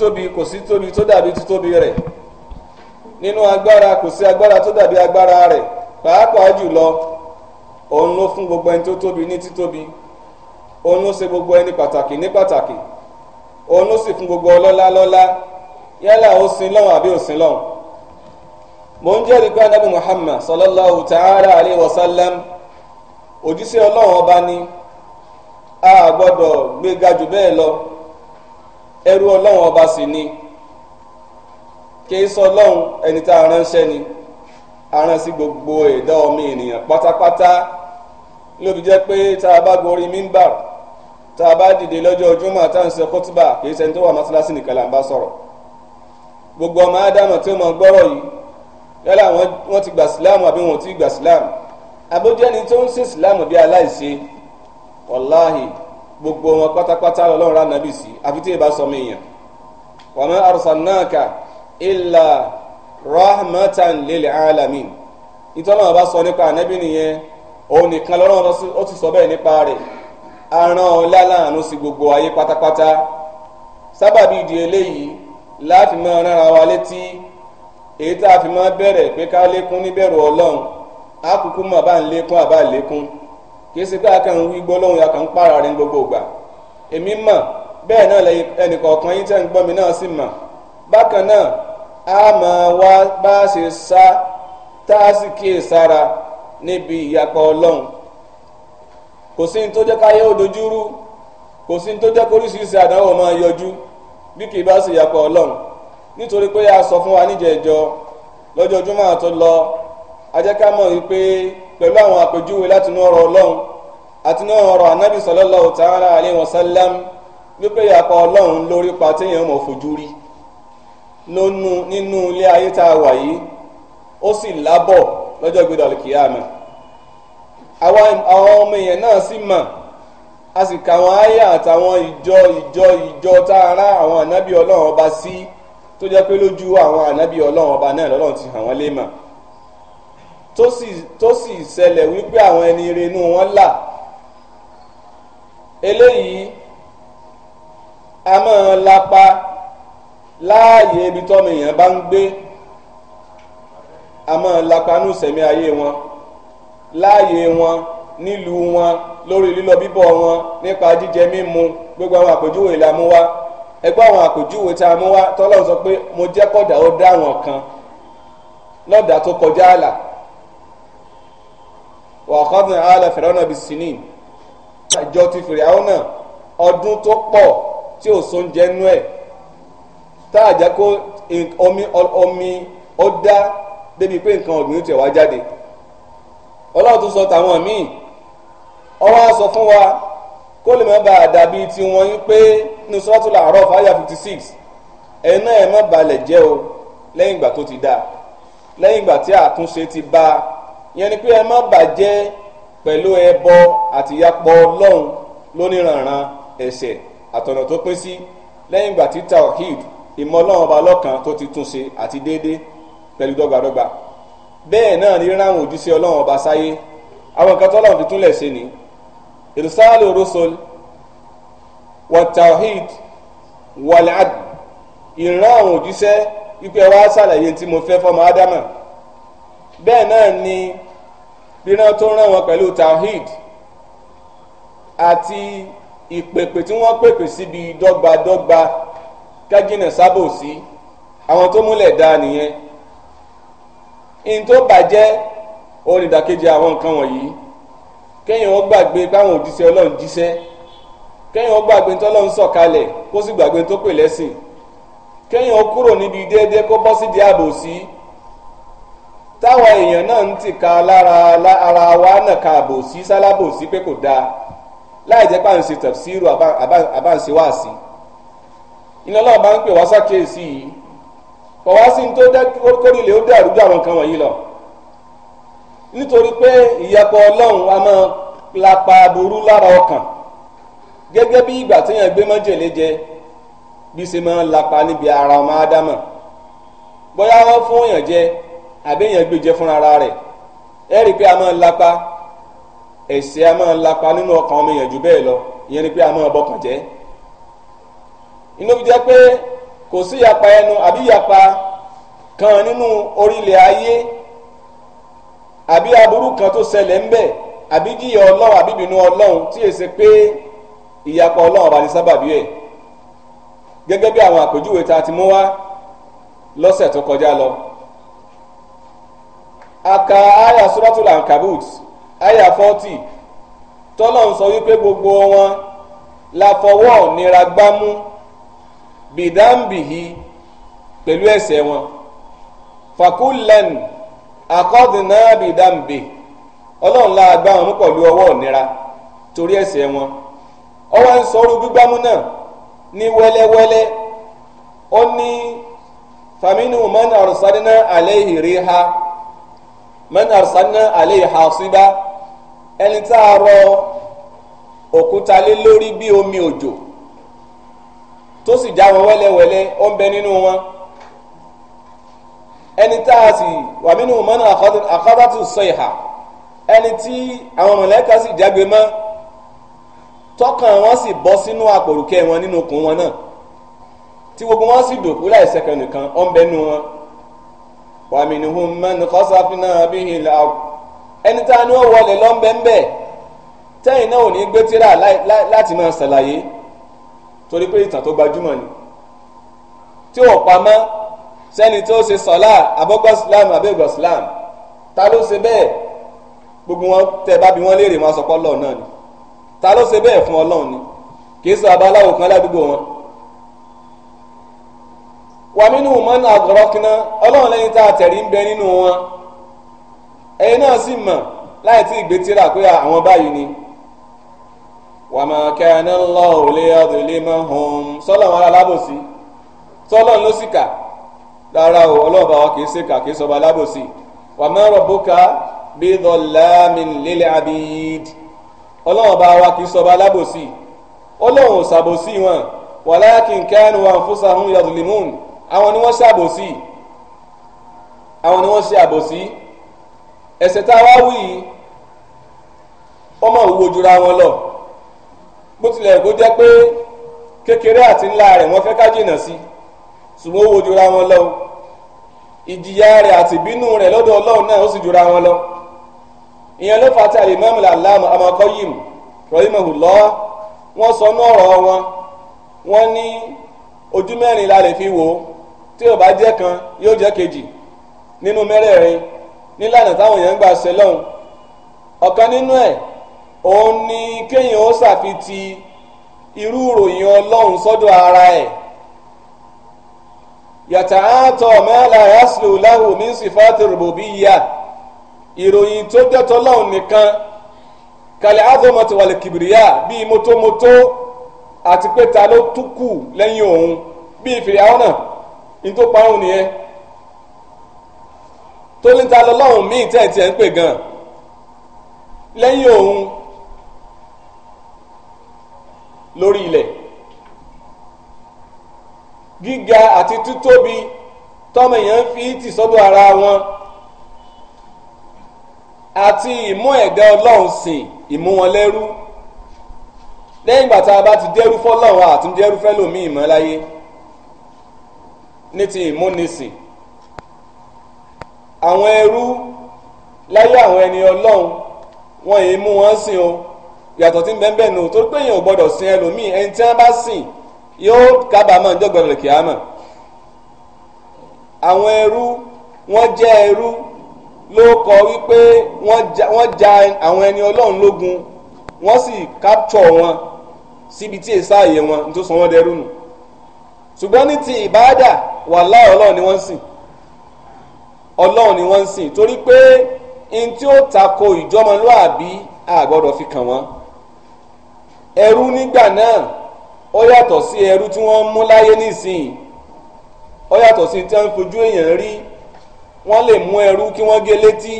títóbi kò sí tóbi tó dàbí títóbi rẹ̀ nínú agbára kò sí agbára tó dàbí agbára rẹ̀ pàápàá jùlọ òun ló fún gbogbo ẹni tó tóbi ní títóbi òun ló ṣe gbogbo ẹni pàtàkì ní pàtàkì òun ló sì fún gbogbo ọlọ́lá lọ́lá yálà ó sin lọ́hùn àbí ó sin lọ́hùn mo ń jẹ́rìí pé anábì Muhammad sallallahu ta'ala alayhi wa sallam òjíṣẹ́ ọlọ́run ọba ni a gbọ́dọ̀ gbéga jù bẹ́ẹ̀ lọ ẹrú ọlọ́run ọba sì ni kìí sọ ọlọ́run ẹni tá a ránṣẹ́ ni aràn sí gbogbo ẹ̀dá ọmọ ènìyàn pátápátá ló fi jẹ́ pé tá a bá gorí mímbà tá a bá dìde lọ́jọ́ ojúmọ́ tá à ń ṣe kótóbà kìí ṣe ẹni tó wà mọ́ṣáláṣí nìkan là ń bá sọ̀rọ̀ gbogbo ọmọ ádámù tí ó mọ gbọ́rọ̀ yìí yálà wọ́n ti gbà síláàmù àbí wọn ò tí ì gbà síláàmù àbójú tó ń ṣe síláàmù bí aláìṣe wàláhì gbogbo wọn pátápátá lọ́lọ́run rán nàbì sí àfi tí ìbá sọmọ èèyàn wa ma arsalnaka illa rahmatan lil alamin ìtọ́nà ọba sọ nípa ànábì nìyẹn òun nìkan lọ́rùn ó ti sọ bẹ́ẹ̀ nípa rẹ̀ aràn ọ̀la sí gbogbo ayé pátápátá sábàbí ìdí eléyìí láti máa wa létí èyí tá a fi máa bẹ̀rẹ̀ pé ká lékún níbẹ̀rù ọlọ́run kìí í ṣe pé akàn ya wí gbólóhùn ń pààrà rẹ̀ gbogbo ìgbà èmi mọ̀ bẹ́ẹ̀ náà lẹ́yìn ẹnìkọ̀ọ̀kan yín tẹ́ ń gbọ́ mi náà sì mọ̀ bákan náà a ma wá bá a ṣe sá tá a sì sára níbi ìyapa ọlọ́run kò sí ní tó jẹ́ káyé kò sí ní yọjú bí kì í bá ṣe ọlọ́run nítorí pé a sọ fún wa níjẹ̀ẹ́jọ pẹ̀lú àwọn àpèjúwe láti inú ọ̀rọ̀ ọlọ́run àti inú ọ̀rọ̀ anábì sallallahu ta'ala alayhi wa sallam wípé ìyapa ọlọ́run lórí pa téèyàn mọ̀ fojú rí lónú nínú ilé ayé tá a wà yìí ó sì lábọ̀ lọ́jọ́ gbé dọ̀lùkìyàmẹ́ àwọn ọmọ èèyàn náà sì mọ̀ a sì kà wọn àyà àtàwọn ìjọ ìjọ ìjọ tá a rán àwọn ànábì ọlọ́run ọba sí tó jẹ́ pé lójú àwọn ànábì ọlọ́run ọba náà lọ́lọ́run ti hàn wọ́n lé mọ̀ tó sì ṣẹlẹ̀ wípé àwọn ẹni irenú wọn là eléyìí a máa lapa láàyè ibi tọ́mọ èèyàn bá ń gbé a máa lapa ní ìsẹ̀mí ayé wọn láàyè wọn nílùú wọn lórí lílọ bíbọ̀ wọn nípa jíjẹ mímu gbogbo àwọn àpèjúwe la mú wá àwọn àpèjúwe a mú wá tọ́lọ́ mo jẹ́ kọ́dà ó dá kan lọ́dà tó kọjá àlà. wàkọ́dùn àlẹ́ fẹ̀rẹ́nà bíi sinin àjọ ti fìrìhàn náà ọdún tó pọ̀ tí ò sóúnjẹ nú ẹ̀ tá a jẹ́ kó omi omi ó dá débi pé nǹkan ọ̀gbìn tiẹ̀ wá jáde ọlọ́run tó sọ tàwọn míì ọwọ́ á sọ fún wa kó lè má bàa dàbí tiwọn yín pé ní suratul A'raf fáyà fifty six ẹ̀ náà ẹ̀ má balẹ̀ jẹ́ o lẹ́yìn ìgbà tó ti dáa lẹ́yìn ìgbà tí àtúnṣe ti bá a yẹn ni pé ẹ má bàjẹ́ pẹ̀lú ẹbọ àtìyapọ̀ ọlọ́run lóníranran ẹ̀ṣẹ̀ àtọ̀nà tó pín sí lẹ́yìn ìgbà tí tawhid ìmọ̀ ọlọ́run ọba lọ́kan tó ti tún ṣe àti déédé pẹ̀lú dọ́gbadọ́gba bẹ́ẹ̀ náà ní ráhùn òjíṣẹ́ ọlọ́run ọba sáyé àwọn nǹkan tọ́lọ́run fi túnlẹ̀ ṣe ni irsalu rusul wa tawhid wal adl ìran àwọn òjíṣẹ́ wípé wàá ṣàlàyé tí mo fẹ́ fọmọ ádámà bẹ́ẹ̀ náà ni ríran tó rán wọn pẹ̀lú tawhid àti ìpèpè tí wọ́n pèpè síbi dọ́gbadọ́gba kájínà sábòsí àwọn tó múlẹ̀ dá nìyẹn ihun tó bàjẹ́ onídàkejì àwọn nǹkan wọ̀nyí kéèyàn ó gbàgbé báwọn òjíṣẹ́ ọlọ́run jíṣẹ́ kéèyàn ó gbàgbé tó ọlọ́run sọ̀kalẹ̀ kó sì gbàgbé tó pè lẹ́sìn kéèyàn ó kúrò níbi déédéé kó bọ́ sídìí àbòsí. Si táwọn èèyàn náà ń tìka lára ara wa náà ka àbòsí sálábòsí pé kò dáa láì jẹ́ pà ṣe tafsiru àbáǹṣe iná náà bá ń pè wá sákèésí yìí kọ̀ sí ní tó kórìlẹ̀ ó dàrú dàrú nǹkan wọ̀nyí lọ nítorí pé ìyàpọ̀ ọlọ́run a máa lapa burú lára ọkàn gẹ́gẹ́ bí ìgbà téèyàn gbé jẹ bí ṣe máa lapa níbi ara ọmọ ádámà bóyá wọ́n fún èèyàn jẹ àbẹ́yẹn gbé jẹ fúnra ara rẹ̀ ẹ rí i pé a máa ń lapa ẹ̀ṣẹ̀ a máa ń lapa nínú ọkàn ọmọ èèyàn jù bẹ́ẹ̀ lọ ìyẹn ni pé a máa bọkàn jẹ́ inú fi jẹ́ pé kò sí ìyapa ẹnu àbí ìyapa kan nínú orílẹ̀ ayé àbí aburú kan tó ṣẹlẹ̀ ń bẹ àbí jíyà ọlọ́run àbí ìbínú ọlọ́run tí èsè pé ìyapa ọlọ́run ọba ní sábàbí ẹ̀ gẹ́gẹ́ bí àwọn àpèjúwe tá ti mú wá lọ́sẹ̀ tó kọjá lọ. aka aya suratul ankabut aya 40 tọ́lọ̀ ń sọ wípé gbogbo wọn la fọwọ́ nira gbámú bidambihi pẹ̀lú ẹ̀ṣẹ̀ wọn fakullan akọ́dìnà bìdámbì ọlọ́run la gbá wọn mú nira torí ẹ̀ṣẹ̀ wọn ọwọ ń sọrú gbígbámú náà ní wẹ́lẹ́wẹ́lẹ́ ó ní faminu man arsalna alayhi riha. man arsalna alayhi hasiba ẹni tá a rọ òkúta lé lórí bí omi òjò tó sì já wọn wẹ́lẹ́wẹ́lẹ́ ó ń bẹ nínú wọn ẹni tá a sì wà nínú man akhadatu sayha ẹni tí àwọn mọ̀lẹ́kà sì jágbe mọ́ tọkàn wọn sì bọ́ sínú àpòrùkẹ́ wọn nínú okùn wọn náà tí gbogbo wọn sì dòkú láìsẹ̀kẹ̀ nìkan ó ń bẹ nínú wọn wa minhum man khasafna bihi al-ard ẹni tá a ní ó wọlé lọ́nbẹ́ńbẹ́ tẹ́yìn náà ò ní gbé tírà láti máa ṣàlàyé torí pé ìtàn tó gbajúmọ̀ ni tí ò pamọ́ sẹ́ni tó ṣe sọ́lá abọ́gbọ́ islam abẹ́gbọ́ islam ta ló ṣe bẹ́ẹ̀ gbogbo wọn tẹ bá bí wọn léèrè wọn sọ pé náà ni ta ló ṣe bẹ́ẹ̀ fún ọlọ́run ni kì í sọ abaláwo kan ládùúgbò wọn. wà mọ́nà àgọ́rọ́kínà ọlọ́run tá a tẹ̀rí ń bẹ nínú wọn ẹ̀yin náà sì mọ̀ láì tí ìgbé awon pé àwọn báyìí ni wà máa lọ òlé ọdún ilé mọ́ sọ́lọ̀ wọn alábòsí sọ́lọ̀ ló sì kà rárá o ọlọ́ọ̀bà wa kì í ṣe kà kì í sọba alábòsí lélẹ̀ abid ọlọ́ọ̀bà wa kì í sọba alábòsí ọlọ́run ṣàbòsí wọn wàláàkì kẹ́ni wọn àwọn ni wọ́n ṣàbòsí àwọn ni wọ́n ṣe àbòsí ẹ̀ṣẹ̀ tá a wá wí yìí wọ́n mọ̀ wúwo jura wọn lọ bó tilẹ̀ kó jẹ́ pé kékeré àti ńlá rẹ̀ wọ́n fẹ́ ká jìnà sí ṣùgbọ́n ó wo jura wọn lọ ìjìyà rẹ̀ àti ìbínú rẹ̀ lọ́dọ̀ ọlọ́run náà ó sì jura wọn lọ ìyẹn ló fà á tí alimami alam amakoyim rahimahullah wọ́n sọ ní ọ̀rọ̀ wọn wọ́n ní ojú mẹ́rin la lè fi wò ó. tí o bá jẹ́ kan yóò jẹ́ kejì nínú mẹ́rẹ̀ẹ̀rin nílànà táwọn èèyàn ń gbà ṣe lọ́hùn ọ̀kan nínú ẹ̀ òun ni kéèyàn ó ṣàfitì irú ìròyìn ọlọ́run sọ́dọ̀ ara ẹ̀ yàtà àtọ̀ mẹ́la yaslu lahu min sifati rububiyya ìròyìn tó jẹ́tọ́ lọ́hùn nìkan kàlẹ́ azọ́mọ̀tì wàlẹ̀ kìbìrìyà bíi mọ́tòmọ́tò àti pé ta ló tún lẹ́yìn òun bíi náà ní tó pa òun nìyẹn tó ní ta lọ́lọ́run míì tẹ̀ tiẹ̀ ń pè gan lẹ́yìn òun lórí ilẹ̀ gíga àti títóbi tọ́mọ èèyàn fi tì sọ́dọ̀ ara wọn àti ìmú ẹ̀dá ọlọ́run sìn ìmú wọn lẹ́rú lẹ́yìn ìgbà tá a bá ti dẹ́rú fọ́lọ́run àti dẹ́rú fẹ́lòmíì mọ́ láyé ní ti ìmúnisìn àwọn ẹrú láyé àwọn ẹni ọlọ́run wọn èyí mú wọn sìn o yàtọ̀ tí ń bẹ́ẹ̀ bẹ́ẹ̀ nù tó pé èèyàn ò gbọ́dọ̀ sin ẹlòmíì ẹni tí wọ́n bá sìn yóò kábàámọ̀ ìjọgbọ́dọ̀ lè kíámọ̀ àwọn ẹrú wọ́n jẹ́ ẹrú ló kọ wípé wọ́n ja àwọn ẹni ọlọ́run lógun wọ́n sì capture wọn síbi tí èsà àyè wọn ní sọ wọ́n dẹrú nù ṣùgbọ́n ní ti ìbáàdà wàláhì ọlọ́run ni wọ́n ń sìn ọlọ́run ni wọ́n ń sìn torí pé n tí ó tako ìjọmọlúàbí àgbọ́dọ̀ fi kàn wọ́n ẹrú nígbà náà ó yàtọ̀ sí ẹrú tí wọ́n ń mú láyé nísìnyí ó yàtọ̀ sí tí wọ́n ń fojú èèyàn rí wọ́n lè mú ẹrú kí wọ́n gé létí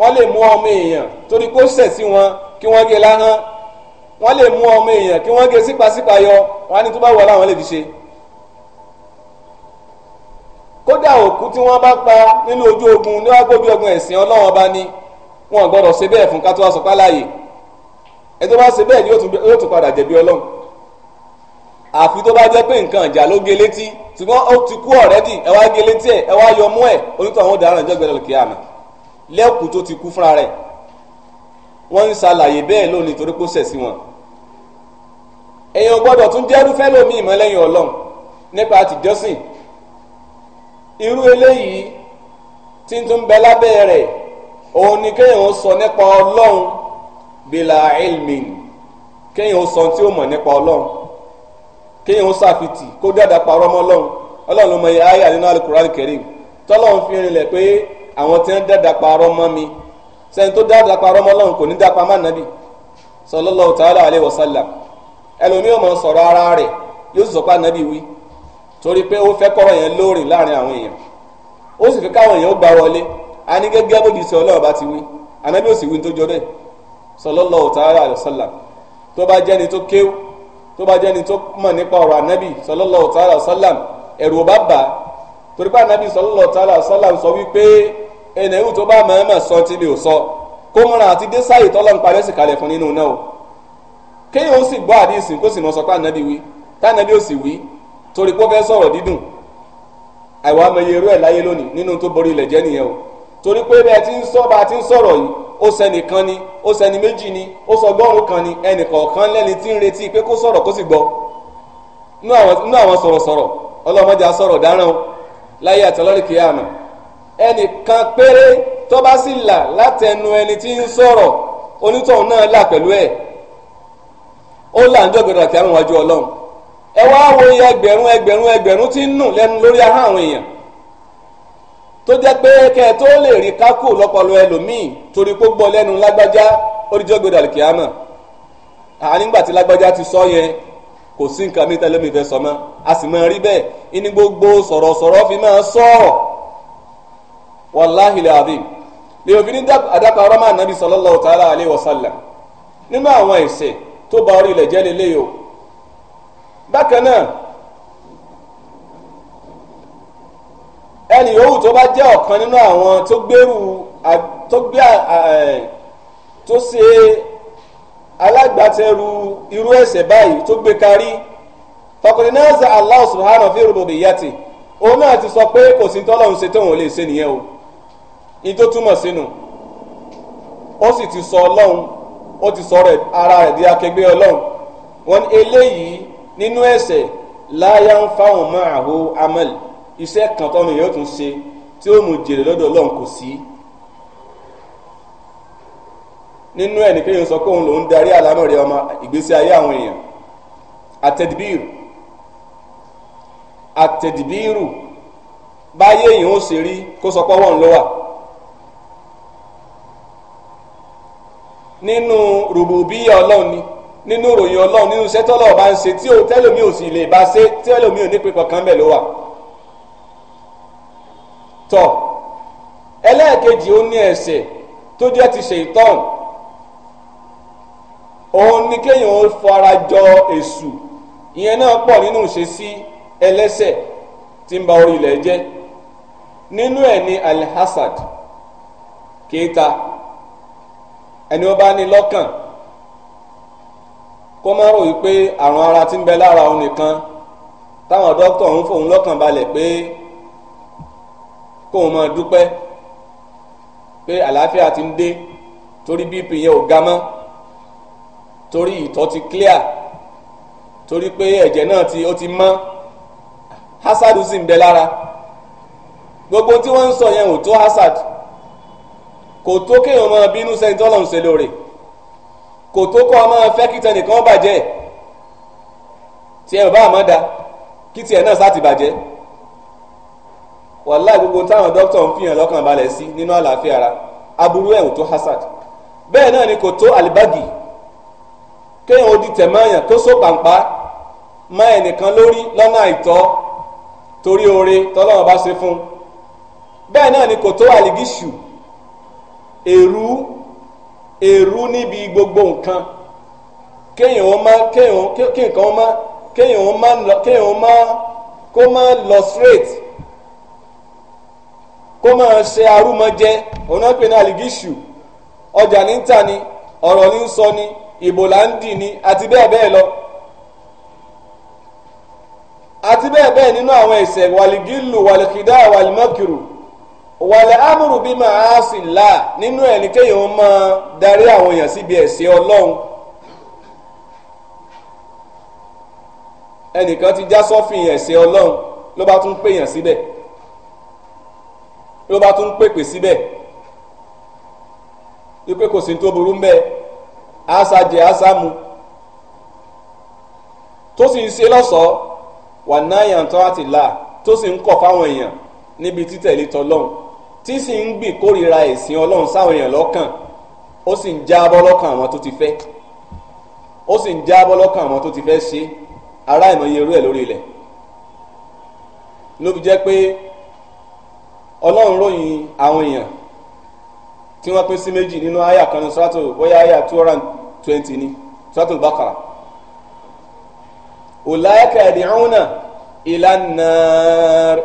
wọ́n lè mú ọmọ èèyàn torí kó ṣẹ̀ sí wọn kí wọ́n gé láhán wọ́n lè mú ọmọ èèyàn kí wọ́n gé sípasípa yọ wọ́n á ní tó bá wọ láwọn lè fi ṣe kódà òkú tí wọ́n bá pa nínú ojú ogun ní wọ́n gbójú ogun ẹ̀sìn ọlọ́run ọba ni wọn gbọ́dọ̀ ṣe bẹ́ẹ̀ fún kátó wá sọ páláyè ẹ tó bá ṣe bẹ́ẹ̀ ni yóò tún padà jẹ̀bi ọlọ́run àfi tó bá jẹ́ pé nǹkan ìjà ló gé létí ṣùgbọ́n ó ti kú ọ̀rẹ́dì ẹ wá gé létí ẹ ẹ wá yọ mú ẹ onítọ̀ àwọn ọ̀daràn ìjọba ìlú kíámà lẹ́kùn tó ti kú fúnra rẹ̀ wọ́n ń ṣàlàyé bẹ́ẹ̀ lónìí torí kó ṣẹ̀ sí wọn èèyàn gbọ́dọ̀ tún jẹ́rú fẹ́ ìmọ̀lẹ́yìn ọlọ́run nípa àtijọ́sìn irú eléyìí tí ń tún bẹ lábẹ́ rẹ̀ òun ni kéèyàn ó sọ nípa ọlọ́run bílà ilmin kéèyàn ó sọ tí ó mọ̀ nípa ọlọ́run kéèyàn ó sàfitì kó dáadáa parọ́ mọ́ ọlọ́run ọlọ́run mọ iye ayé nínú alukurani karim tọ́lọ́run fi rinlẹ̀ pé àwọn tí ń dáadáa parọ́ mọ́ mi sẹ́ni tó dáadáa parọ́ mọ́ ọlọ́run kò ní dáa pa má nàbì sallallahu ta'ala alaihi wasallam ẹlòmíràn mọ̀ sọ̀rọ̀ ara rẹ̀ yóò sọ pé ànábì wí torí pé ó fẹ́ kọ́rọ̀ yẹn lóòrìn láàrin àwọn èèyàn ó sì fi káwọn èèyàn ó gbà wọlé a ní gẹ́gẹ́ bójú sí ọlọ́ọ̀bá ti wí anábì ó sì wí tó jọ bẹ́ẹ̀ sallallahu ta'ala alaihi wasallam tó bá jẹ́ni tó kéw tó bá jẹ́ni tó mọ̀ nípa ọ̀rọ̀ anábì sallallahu ta'ala alaihi wasallam ẹ̀rù ò bá bà á torí pé anábì sallallahu ta'ala alaihi wasallam sọ wípé ẹnì ẹ̀wù tó bá mọ̀ọ́mọ̀ sọ tí mi sọ kó múra àti dé sáyè tọ́lọ́ ń parẹ́ sì kalẹ̀ fún nínú náà kéèyàn ó sì gbọ́ àdìsìn kó sì mọ̀ sọ pé anábì wí tánábì ó sì wí torí pé ó fẹ́ sọ̀rọ̀ dídùn àìwá mẹyẹ irú ẹ̀ láyé lónìí nínú tó borí ilẹ̀ jẹ́ nìyẹn o torí pé bẹ́ẹ̀ tí ń sọ bá ti ń sọ̀rọ̀ yìí ó sẹnìkan ni ó sẹni méjì ni ó sọ gbọ́rùn kan ni ẹnìkọ̀ọ̀kan lẹ́ni tí ń retí pé kó sọ̀rọ̀ kó sì gbọ́ nú àwọn sọ̀rọ̀sọ̀rọ̀ ọlọ́mọdé asọ̀rọ̀ dáràn o láyé àtọ́lọ́rì kìí àmà ẹnìkan péré tó bá sì là látẹnu ẹni tí ń sọ̀rọ̀ onítọ̀hún náà là pẹ̀lú ẹ̀ ó là ń jọ́gbẹ̀dọ̀ kí á mọ̀ wájú ọlọ́run ẹ wá wo iye ẹgbẹ̀rún ẹgbẹ̀rún ẹgbẹ̀rún tí ń nù lẹ́nu lórí àwọn èèyàn tó jẹ́ pé kẹ́ ẹ tó lè rí kákò lọ́pọ̀lọ́ ẹlòmíì torí pé gbọ́ lẹ́nu lágbájá ti sọ yẹn kò sí nǹkan mi tẹ́lẹ̀ a sì máa rí bẹ́ẹ̀ ìní gbogbo sọ̀rọ̀sọ̀rọ̀ fi máa sọ̀rọ̀ wàláhì làbí lè òfin máa nàbí nínú àwọn tó o bákan náà ẹnì yòówù tó bá jẹ́ ọ̀kan nínú àwọn tó gbèrú tó gbé tó ṣe alágbàtẹrù irú ẹ̀ṣẹ̀ báyìí tó gbé kárí tọkùnrin náà ṣe Allah subhanahu fi rububiyyati òun náà ti sọ pé kò sí tọ́lọ́run ṣe tóun lè ṣe nìyẹn o ní tó túmọ̀ sínú ó sì ti sọ ọlọ́run ó ti sọ ara rẹ̀ di akẹgbẹ́ ọlọ́run wọn eléyìí nínú ẹ̀ṣẹ̀ láyà ń fáwọn mọ́ àhó amẹ́l iṣẹ́ kan tọ́nu yóò tún ṣe tí ó mú jèrè lọ́dọ̀ ọlọ́run kò sí nínú ẹ̀ ní kéèyàn sọ pé òun lòún darí àlámọ̀rẹ́ ọmọ ìgbésí ayé àwọn èèyàn àtẹ̀dìbíìrù àtẹ̀dìbíìrù báyé èèyàn ó ṣe rí kó sọ pé wọ́n ń lọ́wà nínú rùbùbíyà ọlọ́run ni nínú ìròyìn ọlọ́run nínú iṣẹ́ tọ́lọ̀ bá ń ṣe tí ó tẹ́lómi ò sì lè bá ṣe tẹ́lómi ò ní pípọ̀ kan bẹ̀ ló wà. tọ́ ẹlẹ́ẹ̀kejì ó ní ẹ̀ṣẹ̀ tó jẹ́ ti ṣèitán òun ni kéèyàn ó fara jọ èṣù ìyẹn náà pọ̀ nínú ìṣesí ẹlẹ́ṣẹ̀ tí ń ba orí ilẹ̀ jẹ́ nínú ẹ̀ ní alhasad kéta ẹni ó bá ní lọ́kàn kó má rò wípé àrùn ara ti ń bẹ lára òun nìkan táwọn dókítà ń fòun lọ́kàn balẹ̀ pé kóun máa dúpẹ́ pé àlàáfíà ti ń dé torí bp yẹn ò ga mọ́ torí ìtọ̀ ti clear torí pé ẹ̀jẹ̀ náà ti ó ti mọ́ hasadu sì ń bẹ lára gbogbo tí wọ́n ń sọ yẹn ò tó hasad kò tó kéèyàn máa bínú sẹ́ni ń ṣe lóore kò tó kọ́ ọmọ fẹ́ kí tẹnìkan bàjẹ́ tiẹ̀ ò bá àmọ́ da kí tiẹ̀ náà sáti bàjẹ́ wàláì gbogbo táwọn dókítà ń fi hàn lọ́kàn balẹ̀ sí nínú àlàáfíà ara aburú ẹ̀ ò tó hasad bẹ́ẹ̀ náà ni kò tó alibagi kéèyàn ó di tẹ̀mọ́yàn tó só pàǹpá mọ́ ẹnìkan lórí lọ́nà àìtọ́ torí oore tọ́lọ́wọ́n bá ṣe fún bẹ́ẹ̀ náà ni kò tó aligishu èrú èrú níbi gbogbo nǹkan kéèyàn ó má kéèyàn kéèkan ó má kéèyàn ó má kéèyàn ó má kó má lọ straight kó má ṣe arúmọjẹ òun náà pè ní àlìgíṣù ọjà ní ń ni ọ̀rọ̀ ní ń sọ ni ìbò là ń dì ni àti bẹ́ẹ̀ bẹ́ẹ̀ lọ àti bẹ́ẹ̀ bẹ́ẹ̀ nínú àwọn ẹ̀ṣẹ̀ wàlígílù wàlíkìdá wàlímọ́kìrù wàlẹ̀ amúrù bí màá sì là nínú ẹ̀ ní kéèyàn máa darí àwọn èèyàn síbi ẹ̀sìn ọlọ́run ẹnìkan ti já sọ́fìn ẹ̀sìn ọlọ́run ló bá tún pèèyàn síbẹ̀ ló bá tún pèpè síbẹ̀ wípé kò sí tó burú mbẹ́ àṣàjẹ àṣàmù tó sì ń ṣe lọ́sọ̀ọ́ wà náà yàtọ̀ àtìlá tó sì ń kọ̀ fáwọn èèyàn níbi títẹ̀lé tọlọ́hún tí sì ń gbìn kórìíra ẹ̀sìn ọlọ́run sáwọn èèyàn lọ́kàn ó sì ń jábọ́ lọ́kàn àwọn tó ti fẹ́ ó sì ń jábọ́ lọ́kàn àwọn tó ti fẹ́ ṣe ará ìmọ̀ye irú ẹ̀ lórí ilẹ̀ ló fi jẹ́ pé ọlọ́run ròyìn àwọn èèyàn tí wọ́n pín sí méjì nínú àyà kan ní sọ́tò bóyá àyà two hundred and twenty ni sọ́tò bákàrà ìlànà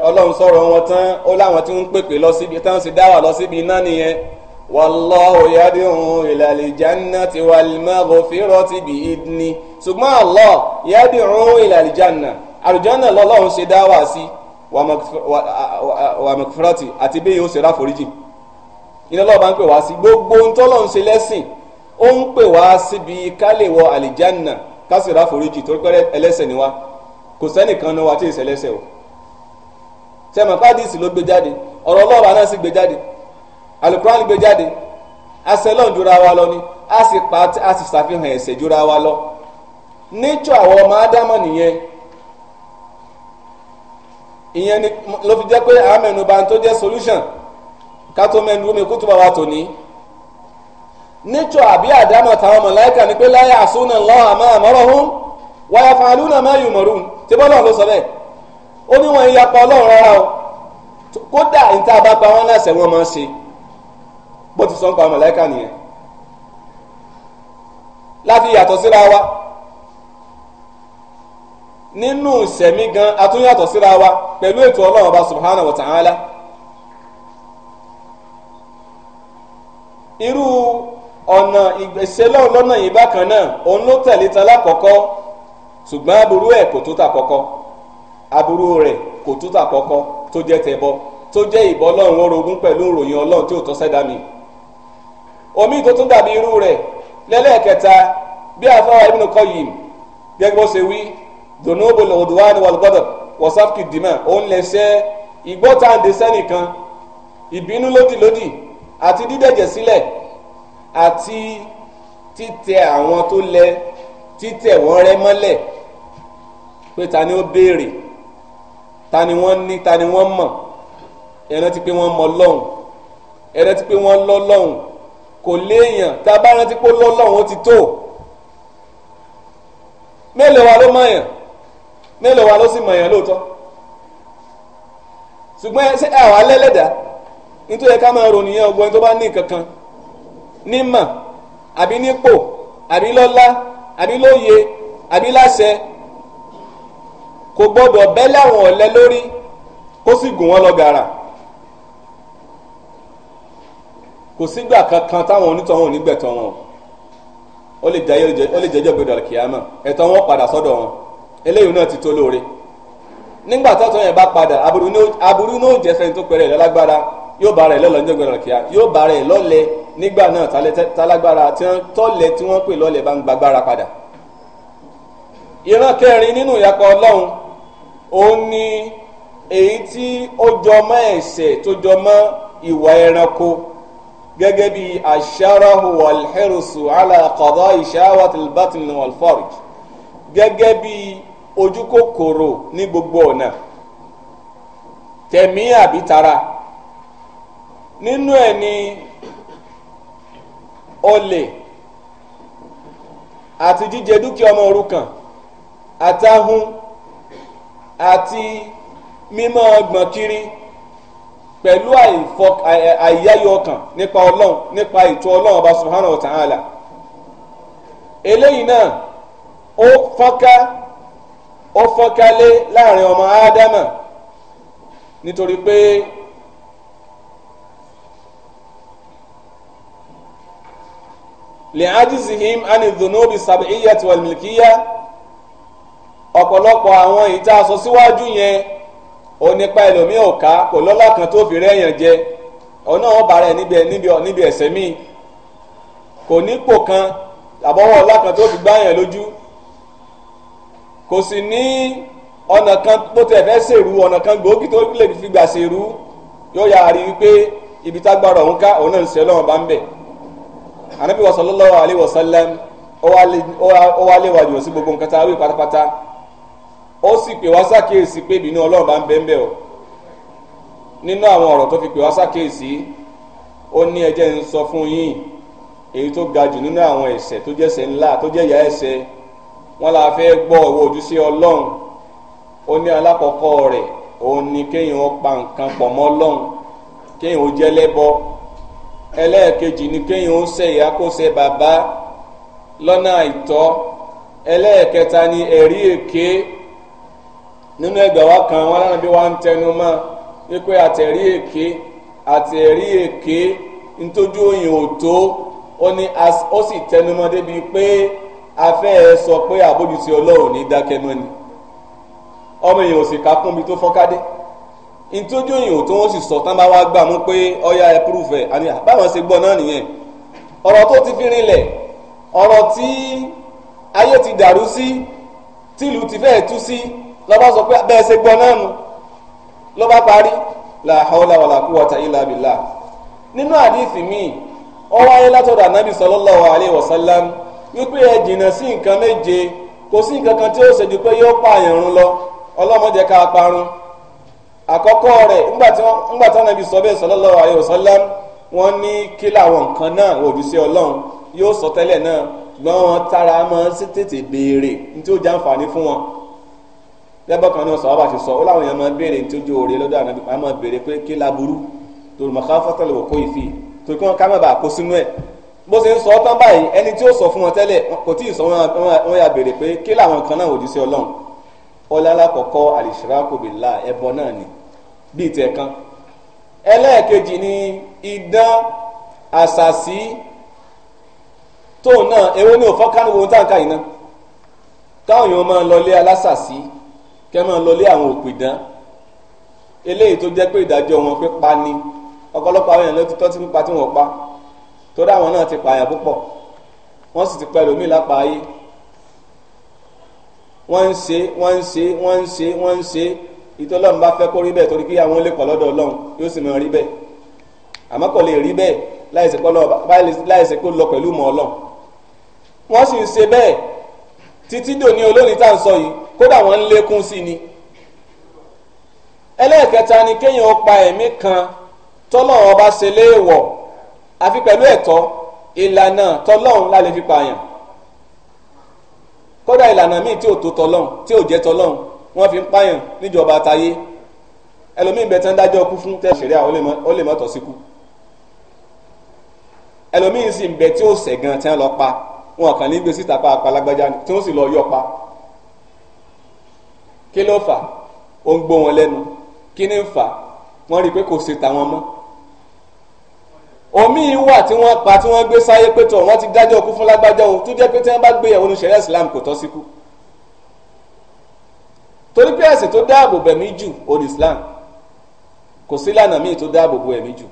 ọlọ́run sọ̀rọ̀ wọn tán ó láwọn tí ń pèpè lọ síbi tán sì dáwà lọ síbi iná nìyẹn wàlláhu yadìhun ìlàlẹ̀ jannà ti wà lẹ́mọ̀gòfìrọ̀ ti bì í ní ṣùgbọ́n Allah yadìhun ìlàlẹ̀ jannà àlùjànnà lọ́lọ́run ṣe dáwà sí wàmọ̀kìfìrọ̀ ti àti bí yóò ṣe ráforíjì iná lọ́wọ́ bá ń pè wá sí gbogbo ohun tọ́lọ́run ṣe lẹ́sìn ó ń pè wá síbi ká lè wọ àlìjánà ká sì ráforíjì ni wá kò sẹ́nìkan náà wá tí ìṣẹ̀lẹ̀ṣẹ̀ o sẹ́mọ̀ pàdísì ló gbé jáde ọ̀rọ̀ ọlọ́ọ̀bà náà sì gbé jáde alukuran gbé jáde asẹ́lọ̀n jura wa lọ ni a sì pa a sì ṣàfihàn ẹ̀ṣẹ̀ jura wa lọ nítsọ àwọn ọmọ ádámọ̀ nìyẹn ìyẹn ni ló fi jẹ́ pé àmẹnuba tó jẹ́ solution kátó mẹnu omi kútu bàbá tòní nítsọ àbí àdámọ̀ táwọn mọ̀láìkà ni pé láyé àsúná lọ́wọ́ àmọ́ àmọ́rọ̀ hún wáyà fàálù náà ṣé bọ́lá ló sọ bẹ́ẹ̀ ó ní wọn ìyapa ọlọ́run rárá o kódà níta bá pa wọn náà sẹ́wọ́n máa ń ṣe bó ti sọ ń pa mọ̀lẹ́kà nìyẹn láti yàtọ̀ síra wa nínú ìṣẹ̀mí gan atúnyàtọ̀ síra wa pẹ̀lú ètò ọlọ́run ọba subhanahu wa ta'ala irú ọ̀nà ìgbésẹ̀ lọ́nà yìí bákan náà òun ló tẹ̀lé tán lákọ̀ọ́kọ́. ṣùgbọ́n aburú ẹ̀ kò tó tà kọ́kọ́ aburú rẹ̀ kò tó tà kọ́kọ́ tó jẹ́ tẹ̀bọ tó jẹ́ ìbọn ọlọ́run orogún pẹ̀lú ìròyìn ọlọ́run tí ò tọ́ sẹ́dá mi omi tó tún dàbí irú rẹ̀ lẹ́lẹ́kẹta bí àfáwà Ibn Qayyim gẹ́gẹ́ bó ṣe wí donobol odwan walgọdọ wasafki dima òun lẹ́sẹ̀ ìgbọ́tàǹdè sẹ́nìkan ìbínú lódìlódì àti dídẹ̀jẹ̀ sílẹ̀ àti títẹ̀ àwọn tó lẹ títẹ̀ wọ́n rẹ́ mọ́lẹ̀ pé ta ni ó béèrè ta ni wọ́n ní ta ni wọ́n mọ̀ ẹ rántí pé wọ́n mọ lọ́hùn ẹ rántí pé wọ́n lọ́ lọ́hùn kò léèyàn tá a bá rántí pé lọ́ lọ́hùn ó ti tó mélòó wa ló mọ̀yàn mélòó wa ló sì mọ̀yàn lóòótọ́ ṣùgbọ́n ṣé àwa lẹ́lẹ́dàá nítorí ká máa ròyìn yẹn ọgbọ́n tó bá ní nǹkan kan nímọ̀ àbí nípò àbí lọ́lá àbí lóye àbí láṣẹ kò gbọ́dọ̀ bẹ́lẹ̀ àwọn ọ̀lẹ́ lórí kó sì gùn wọ́n lọ gàrà kò sígbà kankan táwọn wọn ò ní gbẹ̀tọ̀ wọn ó lè jẹ́jọ́ gbẹdọ̀ kìámà ẹ̀tọ́ wọn padà sọ́dọ̀ wọn eléyìí náà ti tó lóore nígbà tọ́tọ́ yẹn bá padà aburú jẹ́ tó pẹ̀rẹ̀ lọ́lágbára yóò bá rẹ̀ lọ́lọ́ òun ni èyí tí ó jọ mọ́ ẹ̀ṣẹ̀ tó jọ mọ́ ìwà ẹranko gẹ́gẹ́ bí aṣárahu walhẹ́rùsù alákọ̀dá ìṣáwátìlbátìlì walfarj gẹ́gẹ́ bí ojúkòkòrò ní gbogbo ọ̀nà tẹ̀mí àbí tara nínú ẹ̀ ni olè àti jíjẹ dúkìá ọmọ òrukàn àtàhùn àti mímọ́ ọgbọ̀n kiri pẹ̀lú àìyáyọ ọkàn nípa ọlọ́run nípa ètò ọlọ́run ọba subhanahu wa ta'ala eléyìí náà ó fọ́nká ó fọ́nká lé láàrin ọmọ ádámà nítorí pé li'ajzihim ani dhunubi sab'iyyati wal milkiyya ọ̀pọ̀lọpọ̀ àwọn ìta sọ síwájú yẹn ò nípa ẹlòmíì ò ká kò lọ́lá kan tó fi rẹ́yàn jẹ ọ̀nà ọ̀bà rẹ̀ níbi ẹ̀sẹ̀ míì kò nípò kan àbọ̀wọ̀ ọ̀lá kan tó fi gbáyàn lójú kò sì ní ọ̀nà kan tó tẹ̀ fẹ́ ṣèrú ọ̀nà kan gbòógì tó lè fi gbà ṣèrú yóò yára rí wípé ibi tágbára òun ká òun náà ń bá ń bẹ̀. ànábì sallallahu alaihi wasallam ó wá léwájú sí gbogbo nǹkan tá a wí pátápátá ó sì pè wá sákèésí pé ìbínú ọlọ́run bá ń bẹ́ẹ̀ bẹ́ẹ̀ o nínú àwọn ọ̀rọ̀ tó fi pè wá sákèésí ó ní ẹ jẹ́ ń sọ fún yín èyí tó ga jù nínú àwọn ẹ̀ṣẹ̀ tó jẹ́ṣẹ̀ ńlá tó jẹ́ ìyá ẹ̀ṣẹ̀ wọn là fẹ́ gbọ́ owó ojúṣe ọlọ́run ó ní alákọ̀ọ́kọ́ rẹ̀ òun ni kéèyàn ó pa nǹkan pọ̀ mọ́ ọlọ́run kéèyàn ó jẹ́ lẹ́bọ ẹlẹ́ẹ̀kejì ni kéèyàn ó ṣẹ̀ ìyá kó ṣẹ̀ bàbá lọ́nà àìtọ́ ẹlẹ́ẹ̀kẹta ni ẹ̀rí èké nínú ẹgbẹ́ wa kan wọn lánàá bí wọ́n ń tẹnu mọ́ wípé àtẹ̀rí èké àtẹ̀rí èké ntójú òyìn ò tó ó ní ó sì tẹnu mọ́ débi pé afẹ́ ẹ sọ pé àbójútì ọlọ́run ní dákẹ́ mọ́ ni ọmọ èèyàn ò sì ká kún mi tó fọ́nkádé ntójú òyìn ò tó wọ́n sì sọ tán bá wá gbà mú pé ọyá ẹ púrúfẹ̀ àní báwọn ṣe gbọ́ náà nìyẹn ọ̀rọ̀ tó ti fi rinlẹ̀ ọ̀rọ̀ tí ayé ti dàrú sí tìlú ti fẹ́ẹ̀ tú sí. Si, lọ́ba sọ pé bẹ́ẹ̀ ṣe gbọ́ náà nu lọ́ba parí la hawla wala quwwata illa billah nínú àdìsí míì ó wáyé látọ̀dọ̀ ànábì sallallahu alayhi wa sallam wípé ẹ jìnnà sí nǹkan méje kò sí nǹkan kan tí ó ṣe ju pé yóò pààyàn run lọ ọlọ́mọdé ká parun àkọ́kọ́ rẹ̀ ńgbà tí ànábì sọ bẹ́ẹ̀ sallallahu alayhi wa sallam wọ́n ní kí làwọn nǹkan náà òjíṣẹ́ ọlọ́run yóò sọ tẹ́lẹ̀ náà gbọ́n wọn tára máa ń tètè béèrè ní tí ó jàǹfààní fún wọn lẹ́bọ̀ kan náà sọ̀rọ̀ bá ti sọ ó láwọn èèyàn máa béèrè tí ó jó oore lọ́dọ̀ àná a máa béèrè pé kí laburú torí mọ̀ káfọ́ tẹ̀lé wò kó ìfì torí kí wọ́n ká má bàa kó sínú ẹ̀ bó ṣe ń sọ tán báyìí ẹni tí ó sọ fún wọn tẹ́lẹ̀ kò tí ì sọ wọn ya béèrè pé kí làwọn kan náà òjì sí ọlọ́run ọlọ́lá kọ̀kọ́ àlìṣirákù bìlá ẹbọ náà ni bíi tẹ̀ kan ẹlẹ́ẹ̀kejì ni idán àṣàṣì tóun náà ewé ní òfọ́kánú wo táǹkà yìí náà káwọn èèyàn máa lọ lé alásàṣì kẹ́ máa lọ lé àwọn òpìdán eléyìí tó jẹ́ pé ìdájọ́ wọn pé pa ni ọ̀pọ̀lọpọ̀ àwọn èèyàn ló ti tọ́ sí pípa tí wọ́n pa torí àwọn náà ti pààyàn púpọ̀ wọ́n sì ti pa ẹlòmíì lápá ayé wọ́n ń ṣe wọ́n ń ṣe wọ́n ń ṣe wọ́n ń ṣe ìtọ́lọ́run bá fẹ́ kó rí bẹ́ẹ̀ torí kí àwọn olè pọ̀ lọ́dọ̀ ọlọ́run yóò sì máa rí bẹ́ẹ̀ àmọ́ kò lè rí bẹ́ẹ̀ láìsí lọ pẹ̀lú mọ́ ọlọ́run wọ́n sì ń ṣe bẹ́ẹ̀ títí dòní olónìí tá à ń sọ yìí kódà wọ́n ń lékún sí ni ẹlẹ́ẹ̀kẹta ni kéèyàn pa ẹ̀mí kan tọ́lọ́run ọba ṣe léèwọ̀ àfi pẹ̀lú ẹ̀tọ́ ìlànà tọ́lọ́run la lè fi pààyàn kódà ìlànà míì tí ò tó tọ́lọ́run tí ò jẹ́ tọ́lọ́run wọ́n fi ń pààyàn níjọba àtayé ẹlòmíì bẹ tán dájọ́ kú fún tẹ́ ṣẹ̀ríà ó lè mọ́tọ̀ sí sì ń bẹ tí ó ṣẹ̀ gan tí wọ́n pa wọn kàn ní gbé síta pa apalágbájá tí wọ́n sì lọ yọ pa kí ló fà ó ń gbó wọn lẹ́nu kí ni ń fà wọ́n rí i pé kò ṣe tàwọn mọ́ omi wà tí wọ́n pa tí wọ́n gbé sáyé pé tọ̀ wọ́n ti dájọ́ kú fún lágbájá o tó jẹ́ pé tí wọ́n bá gbé ẹ̀wọ̀n oníṣẹ̀lẹ̀ Islam kò tọ́ sí kú torí pé ẹ̀sìn tó dáàbò bẹ̀mí jù oní Islam kò sí lànà míì tó dáàbò bo ẹ̀mí jù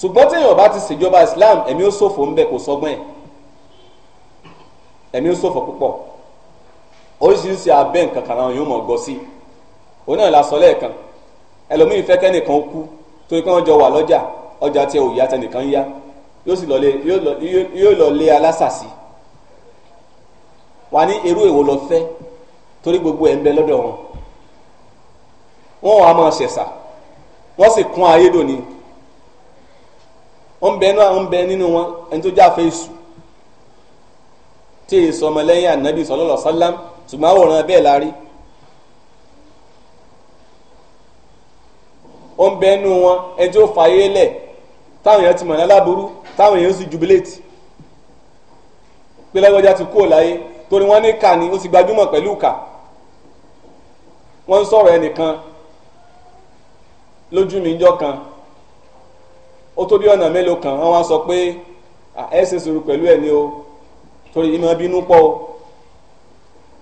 ṣùgbọ́n tí èèyàn bá ti ṣèjọba Islam ẹ̀mí ó ṣòfò ńbẹ kò sọgbọ́n ẹ̀ ẹ̀mí ń ṣòfò púpọ̀ oríṣiríṣi abẹ́ nǹkan kan àwọn yóò mọ̀ gbọ́ sí òun náà la sọ lẹ́ẹ̀kan ẹlòmíín fẹ́ kẹ́nìkan kú torí pé wọ́n jọ wà lọ́jà ọjà tí ẹ ò yá tẹnìkan yá yóò sì lọlé yóò lọ lé alásàsì wà ní irú èwo lọ fẹ́ torí gbogbo ẹ̀ ń bẹ lọ́dọ̀ wọn wọn wàá máa ṣẹ̀ṣà wọ́n sì kún ayédò ni wọ́n ń bẹ nínú wọn ẹni tó jáfe èṣù tí èyí sọ ọmọlẹ́yìn ànábì sọlọ́lọ́ sálám ṣùgbọ́n àwòrán bẹ́ẹ̀ la rí. ó ń bẹ́ẹ̀ nú wọn ẹni tí ó fààyè lẹ̀ táwọn èèyàn ti mọ̀ ní aláburú táwọn èèyàn sì jubiléètì ti kú ọ̀láyé torí wọ́n ní kà ní ó ti gbajúmọ̀ pẹ̀lú kà wọ́n ń sọ̀rọ̀ ẹnìkan lójú mi kan ó tó bí ọ̀nà mélòó kan wọ́n wá sọ pé ẹ ṣe sùúrù pẹ̀lú o. torí ìmọ̀ bínú pọ̀ o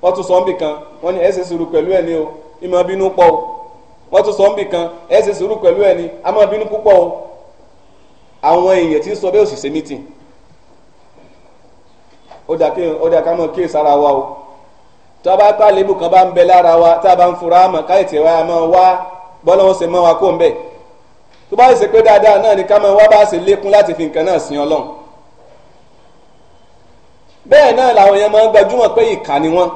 wọ́n tún kan wọ́n ní ẹ ṣe pẹ̀lú ẹ̀ ní o ìmọ̀ bínú pọ̀ o wọ́n tún kan ẹ ṣe pẹ̀lú ẹ̀ ní a máa bínú púpọ̀ o àwọn èèyàn tí ń sọ bẹ́ẹ̀ òṣìṣẹ́ mítìn ó dà wa o tá a bá pa lébù kan bá ń bẹ lára wa tá a bá ń fura ama káyọ̀ bẹ́ẹ̀ náà làwọn èèyàn máa ń gbajúmọ̀ pé ìkà ni wọ́n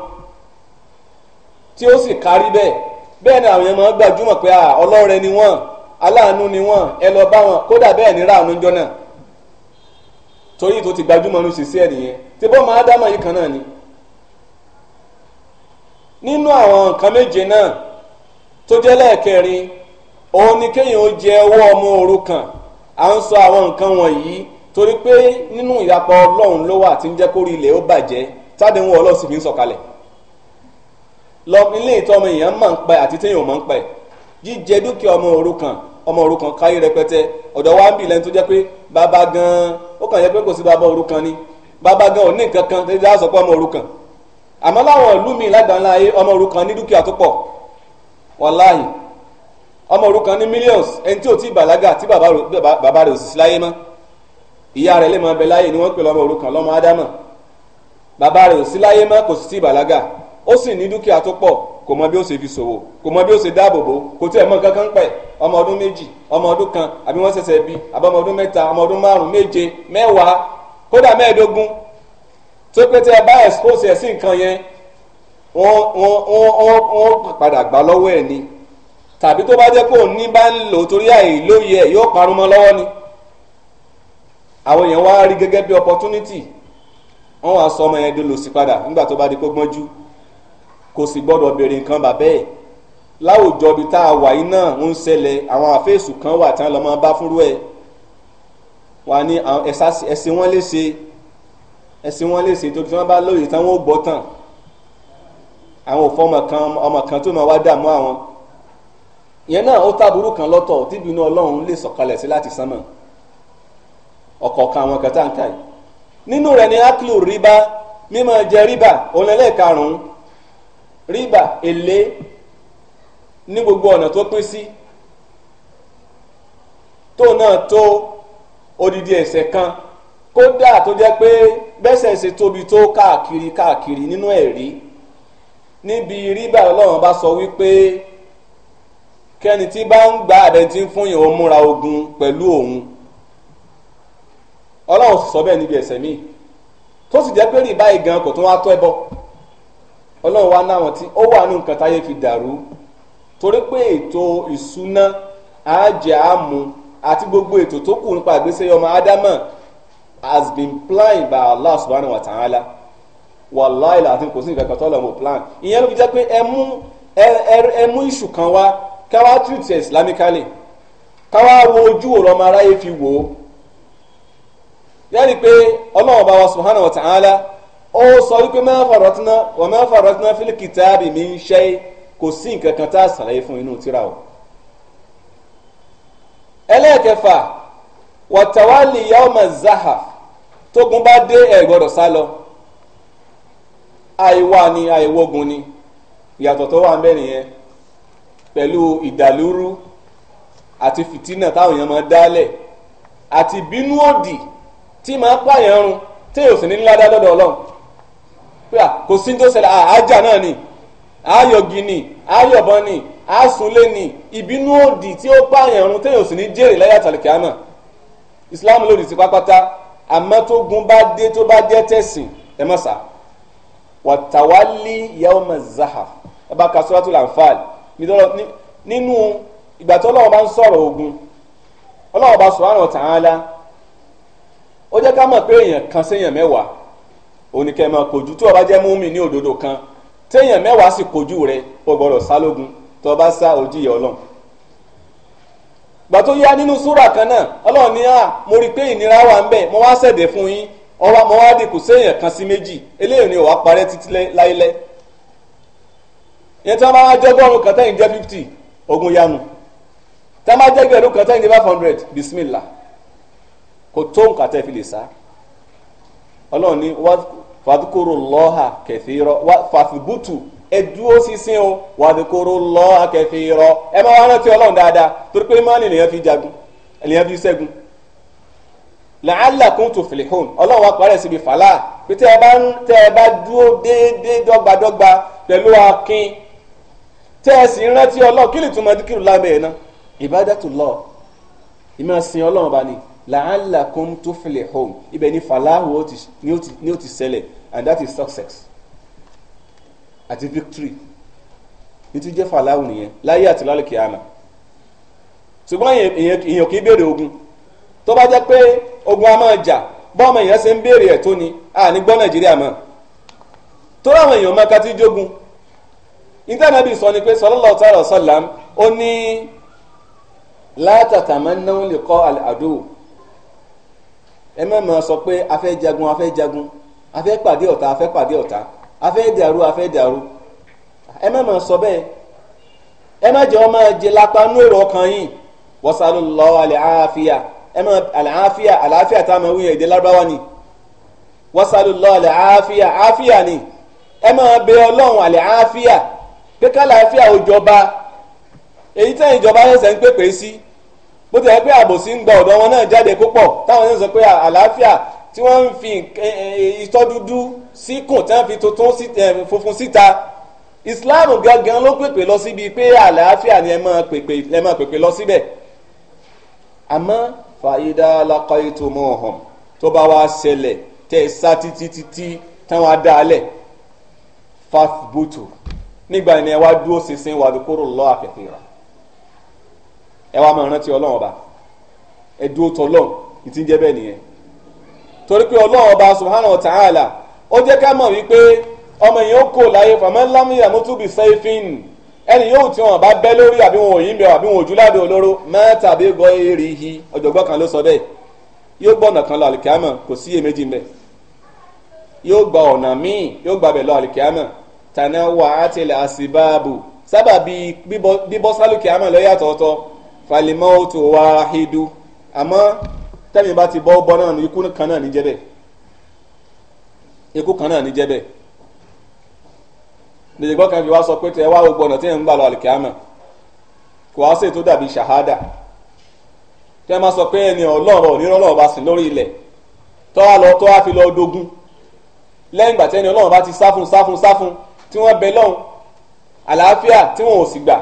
tí ó sì kárí bẹ́ẹ̀ bẹ́ẹ̀ náà àwọn èèyàn máa ń gbajúmọ̀ pé ọlọ́rẹ ni wọ́n aláàánú ni wọ́n ẹ lọ bá wọn kódà bẹ́ẹ̀ ní náà torí ti gbajúmọ̀ ní sísí ẹ̀ tí bọ́ máa dámọ̀ yìí kan náà ni nínú àwọn nǹkan méje náà tó jẹ́ lẹ́ẹ̀kẹrin òun ni kéèyàn ó jẹ ọmọ òrukàn à ń sọ àwọn nǹkan torí pé nínú ìyapa ọlọ́run ló wà tí ń jẹ́ ilẹ̀ ó bàjẹ́ tádéhùn ọlọ́run sì fi ń sọ̀kalẹ̀ lọ ilé ìtọ́ ọmọ èèyàn máa ń pẹ́ àti téèyàn máa ń pẹ́ jíjẹ dúkìá ọmọ òrukàn ọmọ òrukàn káyé rẹpẹtẹ ọ̀dọ̀ wa ń lẹ́nu tó jẹ́ pé bàbá gan-an ó kàn yẹ pé kò sí bàbá òrukàn ni bàbá gan-an ò ní kan sọ pé ọmọ òrukàn àmọ́ láwọn ìlú ìyá rẹ̀ lè máa bẹ láyé ni wọ́n pè lọ́mọ òrukàn lọ́mọ ádámà bàbá rẹ̀ ò sí láyé mọ́ kò sì tí ì bàlágà ó sì ní dúkìá tó pọ̀ kò mọ bí ó ṣe fi ṣòwò kò mọ bí ó ṣe dáàbò bò kò tí ẹ̀ mọ kankan pẹ̀ ọmọ ọdún méjì ọmọ ọdún kan àbí wọ́n ṣẹ̀ṣẹ̀ bí àbí ọmọ ọdún mẹ́ta ọmọ ọdún márùn méje mẹ́wàá kódà mẹ́ẹ̀ẹ́dógún tó pé tí ẹ bá expose ẹ̀ sí nǹkan yẹn wọ́n wọ́n wọ́n wọ́n padà gbà lọ́wọ́ ẹ̀ ni tàbí tó bá jẹ́ pé ní bá ń lò torí àìlóye ẹ̀ yóò parun mọ́ lọ́wọ́ ni àwọn èèyàn wá rí gẹ́gẹ́ bí opportunity wọ́n wá sọ ọmọ yẹn di lòsì padà nígbà tó bá di pógbọ́n jù kò sì gbọ́dọ̀ béèrè nǹkan bàbẹ́ ẹ̀ láwùjọ ibi tá a wà yìí náà ń ṣẹlẹ̀ àwọn àfẹ́sù kan wà tí wọ́n lọ máa bá fúnrú ẹ̀ wà ní ẹ̀sìn wọn léṣe ẹ̀sìn wọn léṣe tóbi tí wọ́n bá lóye tán wọ́n gbọ́ tàn àwọn òfò ọmọ kan ọmọ kan tó máa wá dààmú àwọn ìyẹn náà ó táburú kan lọ́tọ̀ tíbi inú ọlọ́run lè sọ̀kalẹ̀ sí láti sánmọ̀ ọ̀kọ̀ọ̀kan àwọn kan tá nínú rẹ ni aklu riba mímọ jẹ riba òun karùn-ún riba èlé ní gbogbo ọ̀nà tó pín sí tó náà tó odidi ẹ̀ṣẹ̀ kan kódà tó jẹ́ pé bẹ́sẹ̀ tóbi tó káàkiri káàkiri nínú níbi riba ọlọ́run bá sọ wípé kẹ́ni tí bá gba fún yìí ó ogun pẹ̀lú òun ọlọ́run sì sọ bẹ́ẹ̀ níbi ẹ̀sẹ̀ míì tó sì jẹ́ pé rí báyìí gan kò tún wá tọ́ ẹbọ ọlọ́run wa náwọn tí ó wà ní nǹkan táyé fi dàrú torí pé ètò ìṣúná àjẹ àmú àti gbogbo ètò tó kù nípa àgbésẹ̀ ọmọ ádámà has been planned by Allah subhanahu wa ta'ala wàláì láti kò sí nǹkan kan tó lọ́mọ plan ìyẹn ló fi jẹ́ pé ẹ mú ẹ mú ìṣù kan wá káwá treat islamically káwá wo ojú òrọ̀ ọmọ aráyé fi wò ó lẹ́rìí pé ọlọ́run bá wa subhanahu wa ta'ala ó sọ wípé ma farratna wa filiki farratna fil m'i ṣe kò sí nǹkan kan tá a sàlàyé fún inú tíra o. ẹlẹ́ẹ̀kẹfà wàtàwálì yawma zaha tógun bá dé ẹ̀ gbọ́dọ̀ sá lọ àìwá ni àìwógun ni ìyàtọ̀ tó wà ń pẹ̀lú ìdàlúrú àti fìtínà táwọn èèyàn máa dálẹ̀ àti bínú òdì tí máa pààyàn run tí yóò sì ní ládá lọ́dọ̀ ọlọ́run pé à kò náà ni ayogini ni àáyọ̀bọ̀n ni àásùnlé ni ìbínú òdì tí ó pààyàn run tí yóò sì ní jèrè àmà Islam lòdì sí pápátá àmọ́ tó gun bá dé tó bá jẹ́ tẹ̀sìn ẹ mọ̀ sá ẹ bá ka nínú ìgbà tí bá ń sọ̀rọ̀ ogun bá ó jẹ́ ká mọ̀ pé èèyàn kan séèyàn mẹ́wàá oníkẹ́mọ̀ kojú tó o jẹ́ múmi ní òdodo kan téèyàn mẹ́wàá sì kojú rẹ o gbọ́dọ̀ sálógun tó o bá sá ojú ìyá ọlọ́run gbà yá nínú súrà kan náà ọlọ́run ní à ah, mo rí i pé ìnira wà ń bẹ mo wá ṣẹ̀dẹ̀ fún yín ọwọ́ mo wá dìkù séèyàn kan sí méjì eléyìí ni òwà parẹ́ títí láyélẹ́ yẹn tí wọ́n bá wá jọ́gọ́rùn kan tẹ́yìn jẹ́ fifty ogun yanu tí wọ́n bá jẹ́ gbẹ̀rún kan tẹ́yìn jẹ́ five hundred bismillah kò tó nǹkan tẹ́ fi lè sá ọlọ́run ní fàdúkòrò lọ́hà kẹfìrọ fàfibútù sísìn o kẹfìrọ ẹ máa wá rántí ọlọ́run dáadáa torí pé mọ́ni lèyàn fi jagun lèyàn fi ṣẹ́gun tó ọlọ́run wa parẹ́ síbi fàlà pé tẹ́ ẹ bá tẹ́ ẹ bá dúró déédéé dọ́gbadọ́gba pẹ̀lú akin tẹ́ ẹ sì ń rántí ọlọ́run kí lè lábẹ́ náà ìmọ̀ sin ọlọ́run bá ní la'allakum tuflihun ibẹ̀ ni falahu ni ó ti ṣẹlẹ̀ and that is success àti victory nítorí jẹ́ falahu nìyẹn láyé àti lálẹ́ kìámà ṣùgbọ́n èèyàn kì í béèrè ogun tó bá jẹ́ pé ogun a máa jà bọ́ọ̀mọ èèyàn ṣe ń béèrè ẹ̀ tó ni a ní gbọ́ nàìjíríà mọ́ tó ráwọn èèyàn máa katí jogun intanẹ́bì sọ ni pé sallallahu ta'ala sallam ó ní la tatamannaw liqa al ẹ má sọ pé a fẹ́ jagun a fẹ́ jagun a fẹ́ pàdé ọ̀tá a fẹ́ pàdé ọ̀tá a fẹ́ dàrú a fẹ́ dàrú ẹ sọ bẹ́ẹ̀ ẹ má jẹ́ lápá nú èrò ọkàn yìí wasalu lọ́wọ́ àlàáfíà ẹ má àlàáfíà tá a èdè lárúbáwá ni wasalu lọ́wọ́ àlàáfíà àáfíà ni bẹ ọlọ́run pé kálàáfíà èyí tẹ́yìn ìjọba ń pèpè bó ti yẹ pé àbòsí ń gba ọ̀dọ̀ wọn náà jáde púpọ̀ táwọn náà sọ pé àlàáfíà tí wọ́n ń fi itọ́ dúdú sí kùn tí wọ́n fi tuntun funfun síta Islam gangan ló pèpè lọ síbi pé àlàáfíà ni ẹ máa pèpè ẹ máa pèpè lọ síbẹ̀ àmọ́ fàyídà lakọ ètò mọ́ ọ̀hún tó bá wá ṣẹlẹ̀ tẹ́ ẹ sá títí títí táwọn adá alẹ̀ fàfbùtù nígbà yẹn wá dúró ṣinṣin wàdúkúrò lọ́ọ́ àkẹ́kẹ́ rà. ẹ wá máa rántí ọlọ́run ọba ẹ dúró tọ ọlọ́run ìtí ń jẹ́ bẹ́ẹ̀ nìyẹn torí pé ọlọ́run ọba subhanahu wa ta'ala ó jẹ́ ká mọ̀ wípé ọmọ yẹn ó kó láyé fàmọ́ ẹni yóò tí wọn bá bẹ́ lórí àbí wọn ò àbí wọn ò júláde olóró mẹ́ gọ ọ̀jọ̀gbọ́n kan ló sọ bẹ́ẹ̀ yóò gbọ́ ọ̀nà kan lọ falimọ́tò wáhídú àmọ́ tẹ́mi bá ti bọ́ bọ́ náà ikú kan náà ní jẹ́bẹ̀ ikú kan náà ní jẹ́bẹ̀ lèjìgbọ́n kan fi wá sọ pé tẹ wá gbogbo ọ̀nà tí ẹ̀ ń gbà lọ àlìkàmà kò wá sí ètò dàbí ṣàhádà tẹ́ máa sọ pé ẹni ọlọ́rọ̀ onírọ́lọ́rọ̀ bá sìn lórí ilẹ̀ tọ́ wá lọ tọ́ wá fi lọ dogun lẹ́yìn ìgbà tẹ́ni ọlọ́run bá ti sáfún sáfún sáfún tí wọ́n bẹ lọ́hùn àlàáfíà tí wọ́n ò sì gbà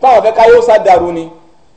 táwọn fẹ́ káyọ́ dàrú ni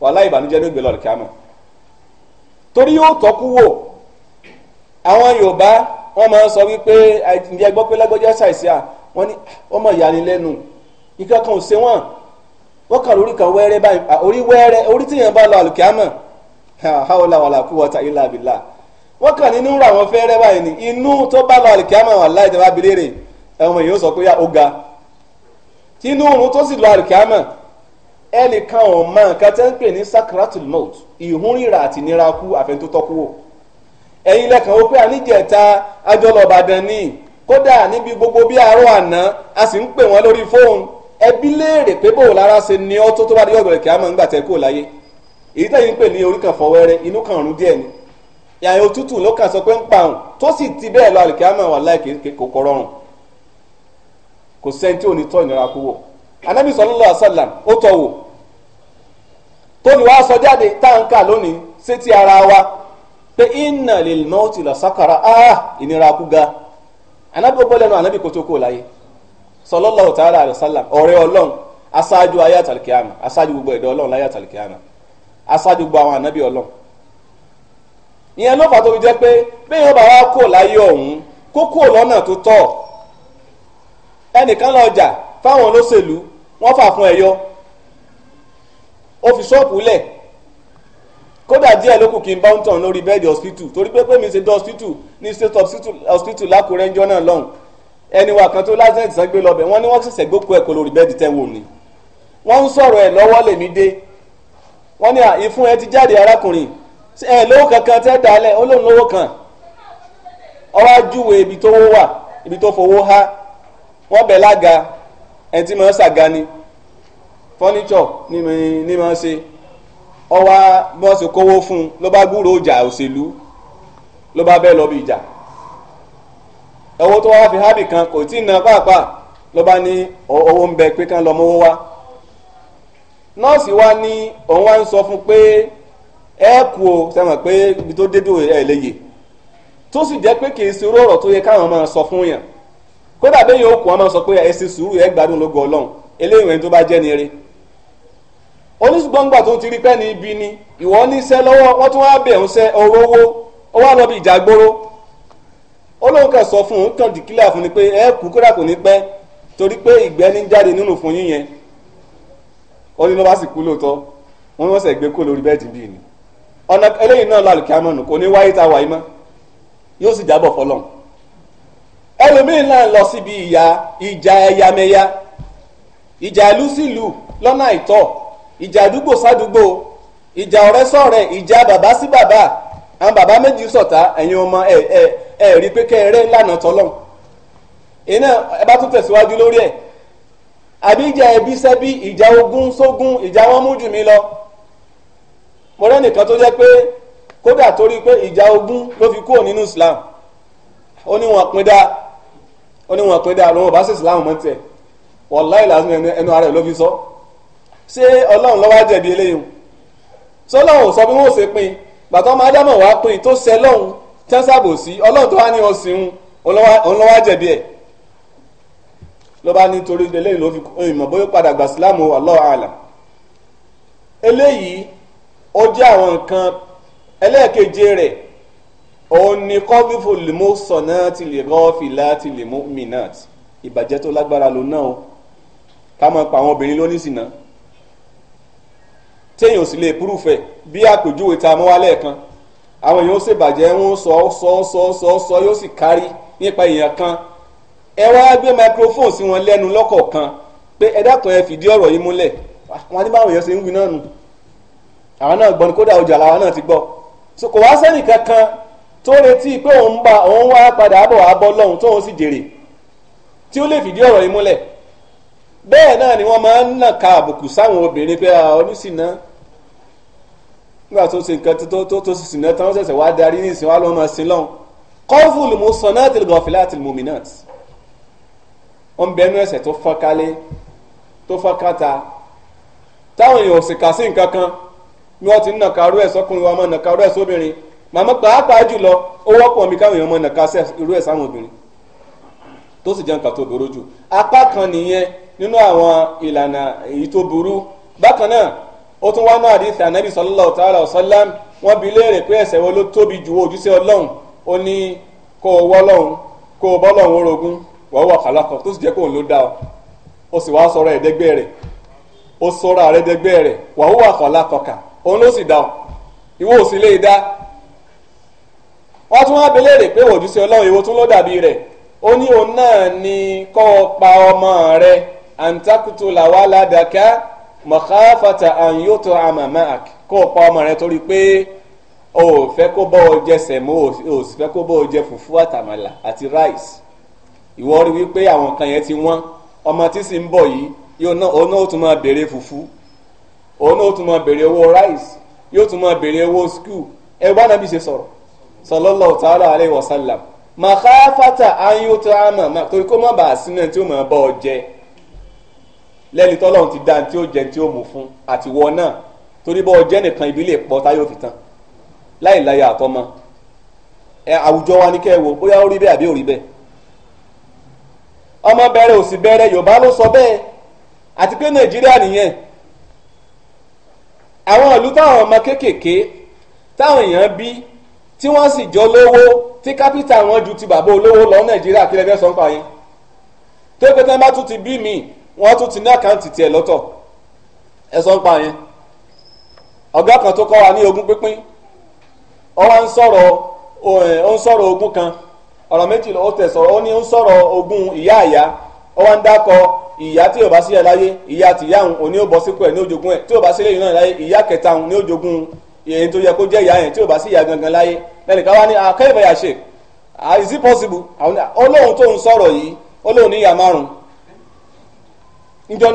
wàhálà ìbànújẹ́ ló gbé lọ kíámà torí yóò tọ́kú wò àwọn yorùbá máa ń sọ wípé ǹjẹ́ gbọ́ pé ṣàìsí à wọ́n ní ah, wọ́n mọ̀ kan ò ṣe wọ́n wọ́n kàn lórí kan wẹ́rẹ́ báyìí orí wẹ́rẹ́ orí bá lọ ilà wọ́n kàn nínú fẹ́rẹ́ báyìí inú tó bá lọ wà láì ẹ̀wọ̀n ẹnìkan ò mọ nǹkan tẹ́ ń pè ní sakratul maut ìhúnrìrà àti nira kú àfẹntótọ́kú wò ẹ̀yin lẹ́kàn ó pé àníjẹ̀ta ni kódà níbi gbogbo bí àárọ̀ àná a sì ń pè lórí fóònù ẹbí pé bò lára ṣe ni ọ́ tó tó bá dé ọ̀gbẹ̀rẹ̀ kí a máa ń gbà tẹ́ kó láyé èyí tẹ̀yìn pè ní orí kan fọwẹ́rẹ́ inú kan ọ̀run díẹ̀ ni ìyàyò òtútù ló kàn sọ pé ń tó sì ti bẹ́ẹ̀ lọ a máa wà láì anabi sallallahu alaihi wasallam ó tọ̀ wò tóbi wá sọ jáde táǹkà lónìí sétí ara wa pé inna lil mauti la sakara ah ìnira kú ga anabi gbọ́ lẹ́nu anabi kò tó kó láyé sallallahu ta'ala alaihi wasallam ọ̀rẹ́ ọlọ́run aṣáájú ayé àtàlùkìyàmà aṣáájú gbogbo ẹ̀dọ́ ọlọ́run láyé àtàlùkìyàmà aṣáájú gbogbo àwọn anabi ọlọ́run ìyẹn ló fà tó fi jẹ́ pé bẹ́ẹ̀ yóò bá wá kó láyé ọ̀hún kó kó lọ́nà tó tọ́ ẹnìkan lọ jà fáwọn olóṣèlú wọ́n fà fún ẹ̀yọ ó fi ṣọ́ọ̀pù lẹ̀ kódà díẹ̀ ló kù kí n bá ń tàn lórí bẹ́ẹ̀dì hospital torí pé pé mi ṣe dán ní state hospital lákùrẹ́ ń náà lọ́hùn ẹni kan tó wọ́n ní wọ́n gbókù lórí bẹ́ẹ̀dì ni wọ́n ń sọ̀rọ̀ ẹ̀ lọ́wọ́ lèmi dé wọ́n ní ìfún ẹ ẹni tí máa ń ṣàgani fọ́nìṣọ̀ ní máa ń ṣe ọwọ́ bọ́ọ̀sì kówó fún un ló bá gbúròó ìjà òṣèlú ló bá bẹ́ẹ̀ lọ ìjà owó tó wá fi hábì kan kò tí ì ná pàápàá ló bá ní owó ń bẹ pé kán lọ mówó wá nọ́ọ̀sì wa ní òun wá ń sọ fún pé ẹ kú o sẹ́wọ̀n pé ibi tó dédò ẹ̀ tó sì jẹ́ pé kì í sọ fún yàn kódà bẹ́ẹ̀ yóò kù wọn máa sọ pé ẹ ṣe sùúrù ẹ gbádùn lógo ọlọ́run eléyìí tó bá jẹ́ ni eré oníṣùgbọ́ngbà tó ti rí pẹ́ ní ibi ni ìwọ níṣẹ́ lọ́wọ́ wọ́n tún wá bẹ̀ ń ṣe orówó ó wá lọ bí ìjàgbóró sọ fún un kàn dìkílà fún ni pé ẹ kú kódà kò ní pẹ́ torí pé ìgbẹ́ ní jáde nínú fún yín yẹn ó ní ló bá sì kú lóòótọ́ wọn ni wọ́n sẹ̀ gbé kó lórí ni ọ̀nà eléyìí náà lálùkí kò ní wáyé ta wáyé mọ́ yóò sì jábọ̀ ẹlòmíín náà lọ síbi ìyá ìjà ẹ̀yàmẹ̀yà ìjà ìlú sílù lọ́nà àìtọ́ ìjà àdúgbò sádùgbò ìjà ọ̀rẹ́ sọ̀rẹ́ ìjà bàbá sí bàbá àwọn bàbá méjì ṣọ̀tá ẹ̀yin ọmọ ẹ̀ ẹ̀ ẹ̀ rí pé kẹ́ẹ̀rẹ́ ńlànà tọ́lọ̀ iná ẹ bá tún tẹ̀síwájú lórí ẹ̀ àbí ìjà ẹbí sẹ́bí ìjà ogún sógún ìjà wọn mú jù mí lọ mo rẹ́ nìkan tó jẹ́ pé kódà torí pé ìjà ogún ló fi kúrò nínú Islam ó ní wọn pin dáa ó ní wọn pé dáa ọba ṣèṣì láwọn lásán ẹnu ara ẹ̀ ló fi sọ ṣé ọlọ́run lọ́wọ́ jẹ̀bi eléyìí sọlọ́run sọ bí wọ́n ṣe pin bàtọ́ máa dámọ̀ wá pin tó ṣẹ sí ọlọ́run tó wá ní ọ̀sìn òun lọ́wọ́ jẹ̀bi ẹ̀ ló bá eléyìí ló fi ìmọ̀ bóyá padà gbà sílámù òun ni kọ́bífò lè mú sọ̀nà ti lè rọ́ọ̀fì láti lè mú mìnàt ìbàjẹ́ tó lágbára ló náà o ká máa pa àwọn obìnrin lóníṣìnà téèyàn sì lè púrúfẹ̀ bí àpèjúwe ta mọ́ wálẹ̀ kan àwọn èèyàn ó ṣèbàjẹ́ ń sọ sọ sọ sọ sọ yóò sì kárí nípa èèyàn kan ẹ wá gbé microphone sí wọn lẹ́nu lọ́kọ̀ọ̀kan pé ẹ dákun ẹ fìdí ọ̀rọ̀ yìí múlẹ̀ wọn ní báwọn èèyàn ṣe ń wí náà nù àwọn náà gbọ́ ni kódà ọjà làwọn náà ti gbọ́ so kò wá sẹ́nì kankan tó retí pé òun bá òun wá padà bọ̀ abọ́ lọ́hùn tóun sì jèrè tí ó lè fìdí ọ̀rọ̀ yìí múlẹ̀ bẹ́ẹ̀ náà ni wọ́n máa ń nàka àbùkù sáwọn obìnrin pé oníṣìná ah, nígbà tó ṣe nǹkan tó tó sì sìnà tán ó ṣẹ̀ṣẹ̀ wá darí ní ìsìn wá ló máa sin lọ́hùn kọ́fùlù mú sọ̀nà tìlù gọ̀fìlà tìlù mùmínàt ó ń bẹnu ẹ̀sẹ̀ tó fọ́nkálé tó fọ́nkátà táwọn èèyàn ò sì kà sí nǹkan kan ni wọ́n ti ń nàka arú ẹ̀ sọ́kùnrin wa máa nàka arú ẹ̀ sóbìnrin màmá pàápàá jùlọ ó wọ́pọ̀ mi káwọn èèyàn mọ nàka irú ẹ̀ sáwọn obìnrin tó sì jẹ́ nǹkan tó burú jù apá kan nìyẹn nínú àwọn ìlànà èyí tó burú bákan náà ó tún wá náà àdìsí ànábì sallallahu ta'ala wa sallam wọ́n bi léèrè pé ẹ̀ṣẹ̀ wo ló tóbi jù ojúṣe ọlọ́run ó ní kó o wọ́lọ́run kó o bọ́lọ́run orogún wọ́n wà kàlákọ̀ tó sì jẹ́ kóun ló dá ọ ó sì wá sọ̀rọ̀ ẹ̀ẹ́dẹ́gbẹ́ rẹ̀ ó sọ̀rọ̀ àrẹ́dẹ́gbẹ́ rẹ̀ wọ́n wà kàlákọ̀ kà òun ló sì dá ọ ìwọ ò sì lè dá wọ́n tún wá belére pé òjúṣe ọlọ́run èwo tún ló dàbí rẹ̀ ó ní òun náà ni kọ́ ọ pa ọmọ rẹ̀ àǹtakùtù làwa ládàkà mọ̀káfàtà àǹyótò àmàmáàk kọ́ ọ pa ọmọ rẹ̀ torí pé o ò fẹ́ kó bọ́ ọ jẹ sẹ̀mó o ò sì fẹ́ kó bọ́ ọ jẹ fùfú àtàmàlà àti ráìsì ìwọ rí wípé àwọn kan yẹn ti wọ́n ọmọ tí sì ń bọ̀ yìí yóò ná òun náà ó tún máa béèrè fùfú òun náà ó tún máa béèrè owó ráìsì yóò tún máa béèrè owó skul ẹ bá nàbí ṣe sọ̀rọ̀ sallallahu ta'ala alayhi wa sallam màkàfàtà ayọ́tọ̀ àmà má torí kó má bàa sínú ẹni tí ó máa bá ọ jẹ lẹ́ni tọ́lọ́run ti dá tí ó jẹ tí ó mú fún àtiwọ́ náà torí bọ́ ọ jẹ́ nìkan ibi lè pọ̀ táyọ̀ fi tán láì láyà àtọ́mọ́ ẹ àwùjọ wa ní kẹ́ bóyá ó rí bẹ́ẹ̀ àbí ò rí bẹ́ẹ̀ ọmọ bẹ̀rẹ̀ òsì bẹ̀rẹ̀ Yorùbá ló sọ bẹ́ẹ̀ àti pé Nàìjíríà nìyẹn àwọn ìlú táwọn ọmọ kéékèèké táwọn èèyàn bí tí wọ́n sì jọ lówó tí kápítà wọn ju ti bàbá olówó lọ nàìjíríà kí lẹ́gbẹ́ sọ́n pa yín tó pé tán bá tún ti bí mi wọ́n tún ti ní àkáǹtì tiẹ̀ lọ́tọ̀ ẹ sọ́n pa yín ọ̀gá kan tó kọ́ wa ní ogún pínpín ó wá ń sọ̀rọ̀ ó ń sọ̀rọ̀ ogún kan ọ̀rọ̀ méjì ó tẹ̀ sọ̀rọ̀ ó ní ń sọ̀rọ̀ ogún ìyá àyá ó wá ń dákọ ìyá tí yóò bá sílẹ̀ láyé ìyá àtìyá òun òní ó bọ́ sípò ẹ̀ ní òjogún ẹ̀ tí yóò bá sílẹ̀ yìí náà láyé ìyá kẹta òun ní òjogún èyí tó yẹ kó jẹ́ ìyá yẹn tí ò bá sí ìyá gangan láyé lẹ́nìkan wá ní akẹ́yìnbó ah, yà ṣe ah, is it possible olóhùn ah, tó ń sọ̀rọ̀ yìí olóhùn ní ìyá márùn níjọ́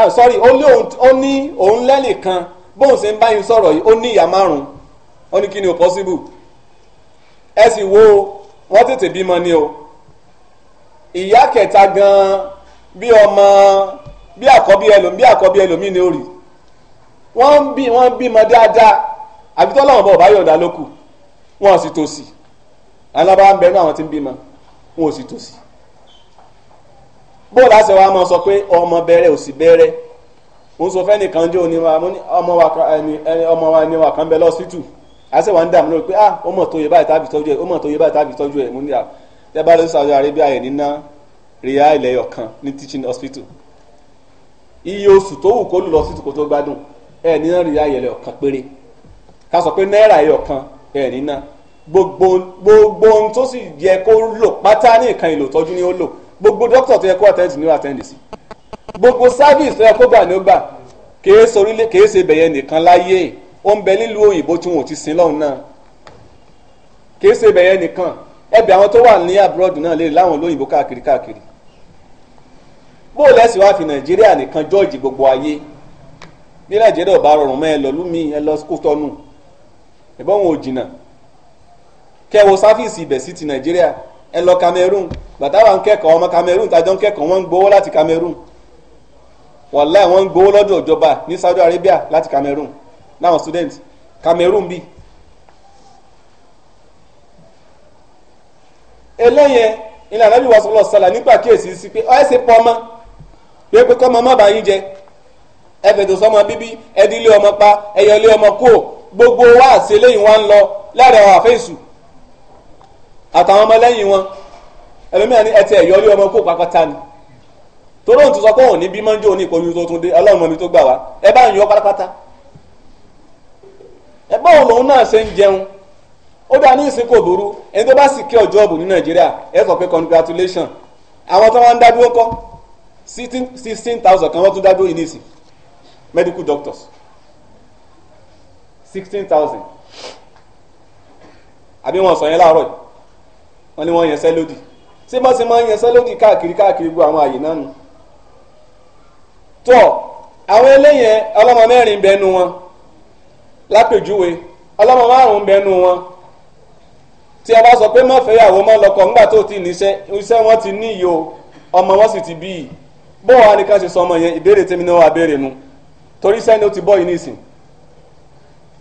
i'm sorry olóhùn ó ní òun lẹ́nìkan bóun ṣe ń bá yín sọ̀rọ̀ yìí ó ní ìyá márùn ó ní kí ni ò possible ẹ sì wo wọ́n tètè bímọ ni o ìyá kẹta gan bí ọmọ bí àkọ́bí ẹlòmí bí àkọ́bí ẹlòmí ni ó rí wọ́n bímọ dáadáa àbí tọ́lá wọn bọ̀ ọ̀bá yọ̀ǹda lókù wọn ò sì tòsí alábá ń bẹ ní àwọn tí ń bímọ wọn ò sì tòsí bóòlù àṣẹ wa máa sọ pé ọmọ bẹ̀rẹ̀ ò sì bẹ̀rẹ̀ mo sọ fẹ́ni kan jẹ́ òní ọmọ wa ni wà kàn bẹ lọ́sítù àṣẹ wa ń dààmú lórí pé ah ó mọ̀ tó yẹ báyìí tàbí tọ́jú ẹ̀ ó mọ̀ tó yẹ báyìí tàbí tọ́jú ẹ̀ mo ní à ah, tẹ́ bá Saudi Arabia yẹn níná rìá ilẹ̀ ọ̀kan ní teaching hospital iye oṣù tó wù kó lù lọ́sítù kó tó gbádùn ẹ̀ níná rìá ká sọ pé náírà ẹyọ kan ẹ̀ nínà gbogbo gbogbo ohun tó sì yẹ kó lò pátá ní nǹkan ìlò tọ́jú ni ó lò gbogbo dókítà tó yẹ kó àtẹ́ǹtì ni ó àtẹ́ǹtì sí gbogbo sáfíìsì tó yẹ kó gbà ni ó gbà kèé sorílẹ̀ kèé ṣe bẹ̀yẹ nìkan láyé ó ń bẹ nílùú òyìnbó tí wọn ò ti sin lọ́hùn náà kèé ṣe bẹ̀yẹ nìkan ẹbẹ̀ àwọn tó wà ní àbúrọ̀dù náà lè láwọn olóyìnbó káàkiri káàkiri bóò lẹ́sìn wá fi nàìjíríà nìkan jọ́ọ̀jì gbogbo ayé ní nàìjíríà ò bá rọrùn mọ́ ẹ lọ lúmi ẹ lọ skútọ́nù ìbọn wọn ò jìnnà kẹwo sáfíìsì ibẹ̀ sí ti nàìjíríà ẹ lọ cameroon gbàtàwà ń kẹ́kọ̀ọ́ ọmọ cameroon tàjọ ń lati kamerun ń gbowó láti cameroon wàláì wọ́n ń gbowó lọ́dọ̀ ìjọba ní saudi arabia láti cameroon láwọn student kamerun bi. eléyẹn ilẹ̀ anábì wa sọlọ sọlá nígbà kíyèsí sí pé ẹ ṣe pọ ọmọ pé pé kọ́ ọmọ má bàa yín jẹ ẹ fètò sọmọ bíbí ẹ ọmọ pa ẹ ọmọ kúò gbogbo wa àti eléyìí wọn ń lọ láàrin àwọn àfẹ́sù àtàwọn ọmọlẹ́yìn wọn ẹlòmíràn ní ẹtì ẹ̀yọ́ ilé ọmọ kó pàpàtà ni torí òun ti sọ pé òun ní bí mọ́njọ́ ní ìpọ́njú tó tún dé ọlọ́run mọ̀ mi tó gbà wá ẹ bá ń yọ pátápátá ẹ congratulation àwọn tó wá ń dádúró kọ́ sixteen thousand kan wọ́n medical doctors sixteen thousand àbí wọn sọ yẹn láàárọ̀ wọn ni wọn yẹn sẹ́lódì ṣé bá ṣe máa ń yẹn sẹ́lódì káàkiri káàkiri gbogbo àwọn àyè náà nù tọ́ àwọn eléyẹn ọlọ́mọ mẹ́rin bẹ́ẹ̀ nu wọn lápèjúwe ọlọ́mọ márùn-ún bẹ́ẹ̀ nu wọn tí a bá sọ pé má fẹ́yàwó má lọ́kọ ńgbà tó ti níṣẹ́ iṣẹ́ wọn ti ní iyo ọmọ wọn sì ti bí i bó wa ni ká ṣe sọ ọmọ yẹn ìbéèrè tèmi náà béèrè nu torí sẹ́ni ó ti bọ́ yìí nísìn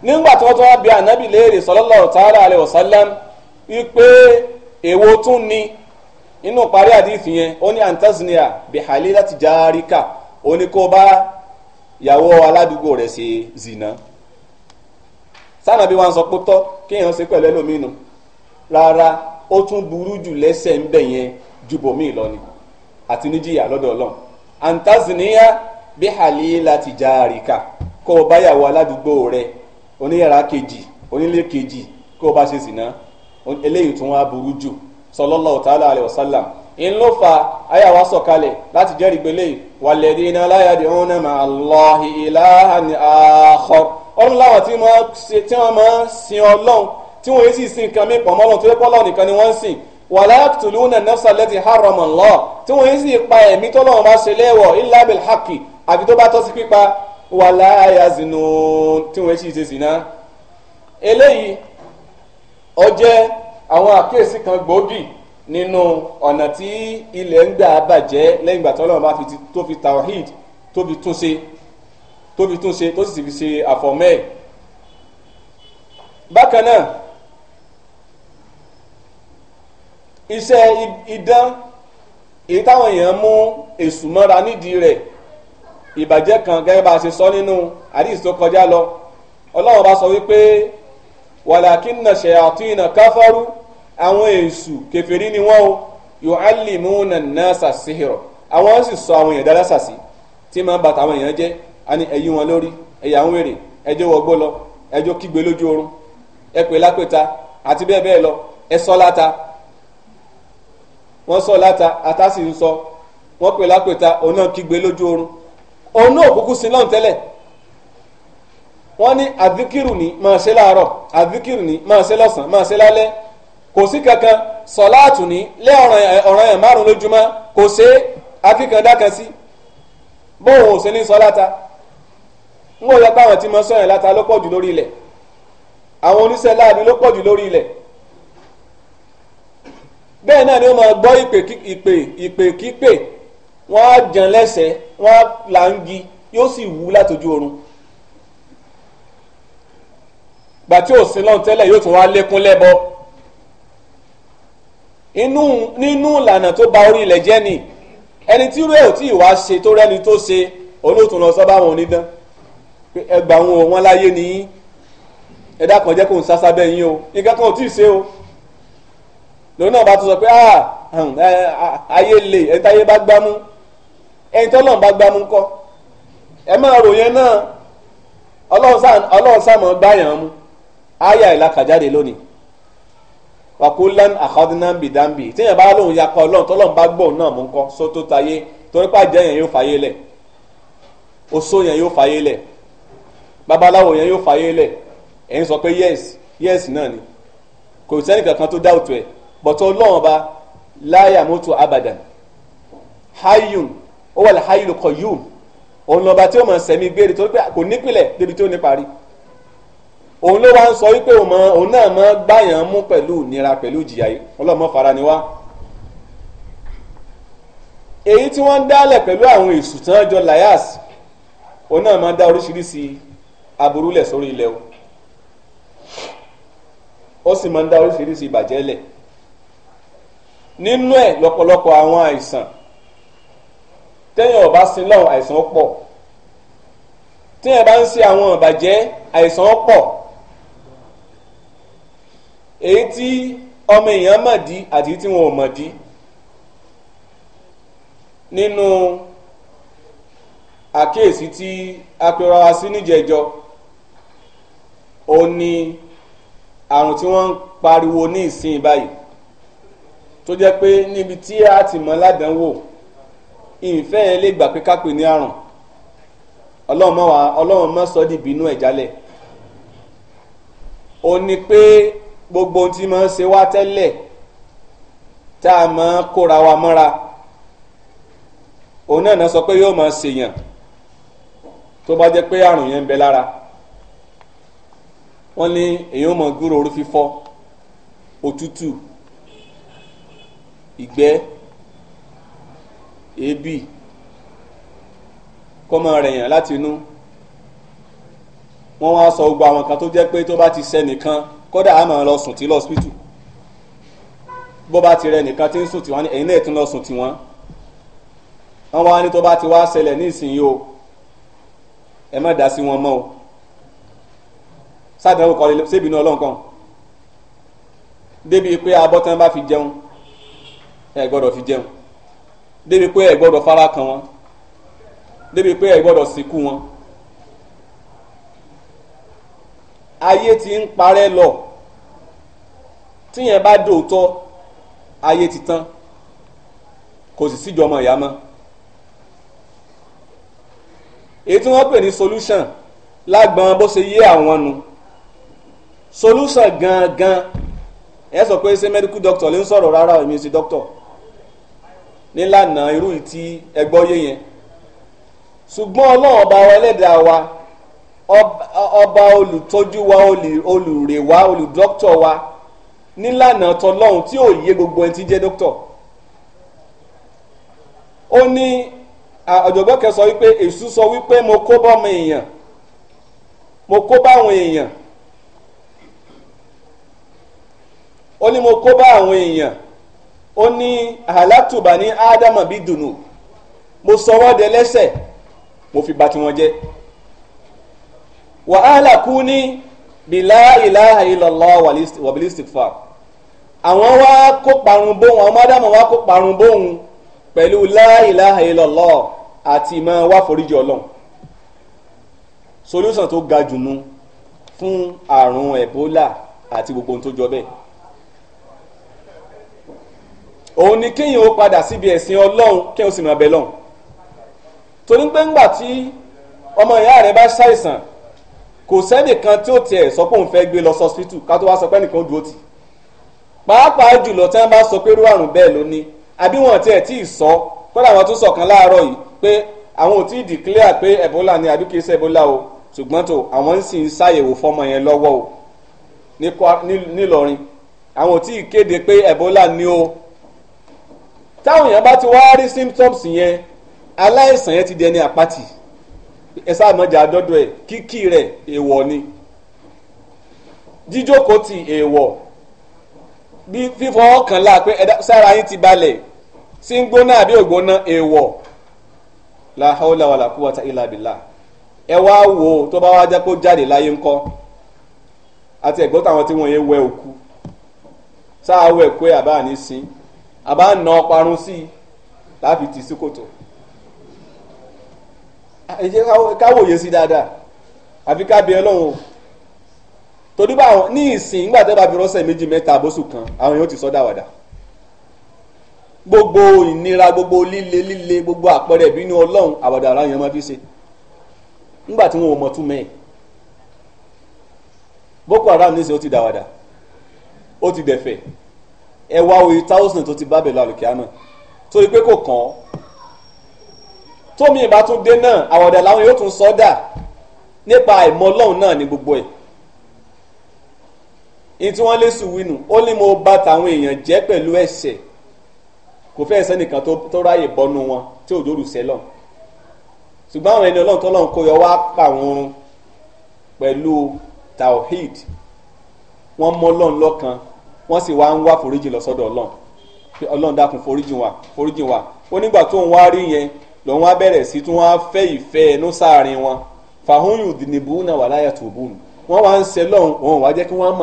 nígbà tí wọ́n tún wá bí ànábì léèrè sallallahu ta'ala alaihi wasallam wípé èwo tún ni inú parí àdìsí yẹn ó ní bihali láti jaarika ó ní kó bá ìyàwó aládùúgbò rẹ̀ ṣe zina sànàbí wa ń sọ pé tọ́ kéèyàn ṣe pẹ̀lú ẹlòmínú rárá ó tún burú jù lẹ́sẹ̀ ń bẹ̀ yẹn ju bòmíì àti níjìyà lọ́dọ̀ ọlọ́run bihali láti jaarika kó o báyàwó aládùúgbò rẹ̀ oníyàrá kejì onílé kejì kí o bá ṣe zìnà eléyìí tún wá burú jù sallallahu ta'ala alayhi wa sallam in ló fa àyà wa sọ̀kalẹ̀ láti jẹ́rìí gbélé walladhina la yad'una ma'a Allahi ilahan akhar ọdún láwọn tí wọ́n máa sin ọlọ́run tí wọ́n yé sì sin nǹkan mìíràn mọ́ ọlọ́run tó yẹ kọ́ nìkan ni wọ́n ń sìn wàlá yaqtuluna nafsa allati harrama Allah tí wọ́n yé sì pa ẹ̀mí tọ́lọ́run bá ṣe léèwọ̀ illa wà láàyà zìnà tí wọ́n sì ṣe zìnà eléyìí ó jẹ́ àwọn àkíyèsí kan gbòógì nínú ọ̀nà tí ilẹ̀ ń gbà bàjẹ́ lẹ́yìn ìgbà tí ọlọ́run bá tó fi tawhid tó fi tún ṣe tó fi tún ṣe tó sì fi ṣe àfọ̀mẹ́ ẹ̀ bákan náà iṣẹ́ idán èyí táwọn èèyàn mú èṣù mọ́ra nídìí rẹ̀ ìbàjẹ́ kan gẹ́gẹ́ bá a ṣe sọ nínú àdìsí tó kọjá lọ ọlọ́run bá sọ wípé wàlàkínà ṣayatina káfárú àwọn èṣù kèfèrí ni wọ́n o yu'allimuna nasa sihira àwọn sì sọ àwọn èèyàn dára sàsì tí máa ń bàtà àwọn èèyàn jẹ́ àní ẹ̀yí wọn lórí ẹ̀yà ń wèrè ẹjọ́ wọgbó lọ ẹjọ́ kígbe lójú oorun ẹ pè lápẹ̀ta àti bẹ́ẹ̀ bẹ́ẹ̀ lọ ẹ sọ láta wọ́n sọ láta ata ń sọ wọ́n pè lápẹ̀ta òun náà kígbe lójú oorun òun náà kúkú sin lọ́n tẹ́lẹ̀ wọ́n ní àdíkìrù ní máa ṣe láàárọ̀ àdíkìrù ní máa ṣe lọ́sàn máa ṣe lálẹ́ kò sí kankan sọ̀láàtù ní lé ọ̀ràn yẹn márùn lójúmọ́ kò ṣe àfikàndá kan sí bóun ò ṣe ní sọ láta ń wò yẹ pé àwọn tí mo sọ yẹn láta ló pọ̀ jù lórí ilẹ̀ àwọn oníṣẹ́ láàbí ló pọ̀ jù lórí ilẹ̀ bẹ́ẹ̀ náà ni ó máa gbọ́ ìpè kípè wọ́n á jàn lẹ́sẹ̀ wọ́n á làǹgi yóò sì wú látọjú oorun gbàtí òsín lọ́n tẹ́lẹ̀ yóò tún wá lékún lẹ́bọ inú nínú ìlànà tó ba orí ilẹ̀ jẹ́ ni ẹni tí irú ẹ̀ ò tí ì wá ṣe tó rẹ́ni tó ṣe olóòtún lọ sọ́ba àwọn onídán ẹgbà àwọn òun láyé nìyí ẹ̀dá kan jẹ́ kó ń sásá bẹ́ẹ̀ yín o nǹkan kan ò tí ì ṣe o lòun náà bá tún sọ pé ah, hmm, ayé lè ẹ̀ńtáyé bá gbámú ẹni tó lọ́n bá gbámú kọ́ ẹ máa rò yẹn náà ọlọ́run sàmọ́ gbáyàn mú ayé àìlàkàjáde lónìí wàkúlán àkọ́dúnà bìdánbì tíyẹn bá lóun yakọ ọlọ́run tó lọ́n bá gbọ́ náà mú kọ́ sótó tayé torí pàjẹ́ yẹn yóò fàyè lẹ̀ oṣó yẹn yóò fàyè lẹ̀ babaláwo yẹn yóò fàyè lẹ̀ ẹ̀yin sọ pé yes yes náà ni kò sẹ́ni kankan tó dáwọ̀tò ẹ̀ bọ̀tọ̀ ọlọ́run ọba láyà mọ́tò abadan hayun ó wà láhàyè qayyum òun lọ́ba tí ó mọ̀ sẹ́mi gbére tó pé kò nípìnlẹ̀ débi tí ó ní parí òun ló wá ń sọ wípé òun náà mọ̀ gbàyàn mú pẹ̀lú ìnira pẹ̀lú ìjìyà yìí ọlọ́mọ fara ni wá èyí tí wọ́n ń dálẹ̀ pẹ̀lú àwọn èṣù tí wọ́n jọ layas òun náà máa ń dá oríṣiríṣi aburú lẹ̀ sórí ilẹ̀ o ó sì máa ń dá oríṣiríṣi ìbàjẹ́ lẹ̀ nínú ẹ̀ lọ́pọ̀lọpọ̀ àwọn àìsàn téèyàn ò bá sin lọ́hùn àìsàn ó pọ̀ téèyàn bá ń ṣe àwọn ìbàjẹ́ àìsàn ó pọ̀ èyí tí ọmọ èèyàn mọ̀ di àti tí wọn ò mọ̀ di nínú àkíyèsí tí apẹ̀rọ wa sí níjẹ̀jọ́ ó ní àrùn tí wọ́n ń pariwo ní ìsìn báyìí tó jẹ́ pé níbi tí a ti mọ̀ ládàánwò ìfẹ́ yẹn lè gbà pé kápẹ́ ní àrùn ọlọ́run mọ́ wa ọlọ́run mọ́ sọ́ ẹ̀ ní pé gbogbo ohun tí mo ń ṣe wá tẹ́lẹ̀ tá a wa mọ́ra òun náà náà sọ pé yóò máa ṣèyàn tó bá jẹ́ pé àrùn yẹn ń bẹ lára wọ́n ní gúrò orí fífọ́ òtútù ìgbẹ́ èébì kọ́mọ rẹ̀ yàn láti inú wọ́n wá sọ gbogbo àwọn kan tó jẹ́ pé tó bá ti ṣe nìkan kódà á máa lọ sùn tí lọ́sítù bó bá ti rẹ nìkan tí ń sùn tiwọn ẹ̀yin náà tún lọ sùn tiwọn wọ́n wá ní tó bá ti wá ṣẹlẹ̀ ní ìsinyìí o ẹ má dá sí wọn mọ́ o sádàáwò kọ́lé sébìnú ọlọ́nkan débi pé abọ́tán bá fi jẹun ẹ gbọ́dọ̀ fi jẹun débi pé ẹ gbọ́dọ̀ fara kan wọn débi pé ẹ gbọ́dọ̀ sìnkú wọn ayé ti ń parẹ́ lọ tíyẹn bá dòótọ́ ayé ti tán kò sì síjọ ọmọ ìyá mọ́ èyí tí wọ́n pè ní solution lágbọn bó ṣe yé àwọn nu solution gangan ẹ sọ pé ṣé medical doctor ló ń sọ̀rọ̀ rárá èmi ṣe doctor nílànà irú ìtí ẹgbọ́yé yẹn ṣùgbọ́n ọlọ́run ọba wa ẹlẹ́dàá wa ọba olùtọ́jú wa olùrè wa olùdọ́kítọ̀ wa nílànà tọlọ́run tí ò yé gbogbo ẹni tí jẹ́ dókítọ̀ ó ní ọ̀jọ̀gbọ́n kẹsọ wípé èṣù sọ wípé mo kó bọ́mọ èèyàn mo kó báwọn èèyàn ó ní mo kó bá àwọn èèyàn ó ní àhàlátùbà ní ádámà bí dùnú mo sọ wọ́n lẹ́sẹ̀ mo fi bà tiwọn jẹ́ wàhálà kú ní bìlá ìlàhà ìlọlọ wàbílísìfà àwọn wá kó parun bóun àwọn ádámà wá kó parun bóun pẹ̀lú láìláha ìlọlọ àti ìmọ̀ wá foríjì ọlọ́run solúsàn tó ga jùnú fún àrùn ẹ̀bólà àti gbogbo ohun tó jọ bẹ́ẹ̀ òun ni kéèyàn ó padà síbi ẹ̀sìn ọlọ́run kéèyàn ó sì máa bẹ lọ́hùn torí pé ńgbà tí ọmọ ìyá rẹ bá ṣàìsàn kò sẹ́nìkan tí ó tiẹ̀ sọ pé òun fẹ́ gbé lọ sọ́sítù ká tó wá sọ pé ẹnìkan dúró tì pàápàá jùlọ tí wọ́n bá sọ pé irú àrùn bẹ́ẹ̀ ló ní àbí wọn tiẹ̀ tí ì sọ kódà wọn tún sọ̀kan láàárọ̀ yìí pé àwọn ò tí ì dìklẹ́à pé Ebola ni àbí kìí ṣe Ebola o ṣùgbọ́n tó àwọn ń sì ń ṣàyẹ̀wò fọmọ yẹn lọ́wọ́ o nílọrin àwọn ò tí ì kéde pé Ebola ni o táwọn èèyàn bá ti wá rí symptoms yẹn aláìsàn yẹn ti di ẹni àpáti ẹ sáà mọ̀jà dọ́dọ̀ ẹ̀ kíkì rẹ̀ èèwọ̀ ni jíjókòó ti èèwọ̀ bí fífọ ọkàn la pé sára yín ti balẹ̀ sí ń gbóná àbí ògbóná èèwọ̀ la hawla wala quwwata illa billah ẹ wá wò ó tó bá wá jẹ́ kó jáde láyé ńkọ́ àti ẹ̀gbọ́n táwọn tí wọ́n yẹn wẹ òkú sáà wẹ̀ kó ẹ̀ àbá ní sin a bá na ọparun sí i láfi tì sí kòtò ẹ̀jẹ̀ káwòye sí dáadáa àfi ká bí ọlọ́run o torí bá àwọn ní ìsìn nígbà tẹ́ bá fi rọ́ṣẹ̀ méjì mẹ́ta àbóṣù kan àwọn yóò ti sọ dáwàdà gbogbo ìnira gbogbo líle líle gbogbo àpẹẹrẹ ìbínú ọlọ́run àwàdà ara yẹn máa fi ṣe nígbà tí wọn ò mọ̀ tún mẹ́ẹ̀ Boko Haram ní sẹ́ ó ti dáwàdà ó ti dẹ̀fẹ̀ ẹ wá oye thousand tó ti bá bẹ̀ lálùkí àmọ́ torí pé kò kàn án tómi ìbá tún dé náà àwọ̀dà làwọn yóò tún sọ́dà nípa àìmọ̀ ọlọ́run náà ní gbogbo ẹ̀ ní tí wọ́n lé sùwínù ó ní mo bà tàwọn èèyàn jẹ́ pẹ̀lú ẹ̀ṣẹ̀ kò fẹ́ sẹ́nìkan tó ráyè bọ́nu wọn tí òjò olùsẹ́ lọ ṣùgbọ́n àwọn ẹni ọlọ́run tọ́lọ́run kó yọ wá pa àwọn oorun pẹ̀lú tawhid wọ́n mọ́ ọlọ́run lọ́kan wọ́n sì wá ń wá foríjì lọ sọ́dọ̀ ọlọ́run pé ọlọ́run dákun foríjì wa foríjì wa ó nígbà tó ń wá rí yẹn lòun wá bẹ̀rẹ̀ sí tí wọ́n á fẹ́ ìfẹ́ ẹnu sáàrin wọn fàhóyún dìníbù náà wà láyà tó bùn wọ́n wá ń ṣe lọ́hùn wọn wá jẹ́ kí wọ́n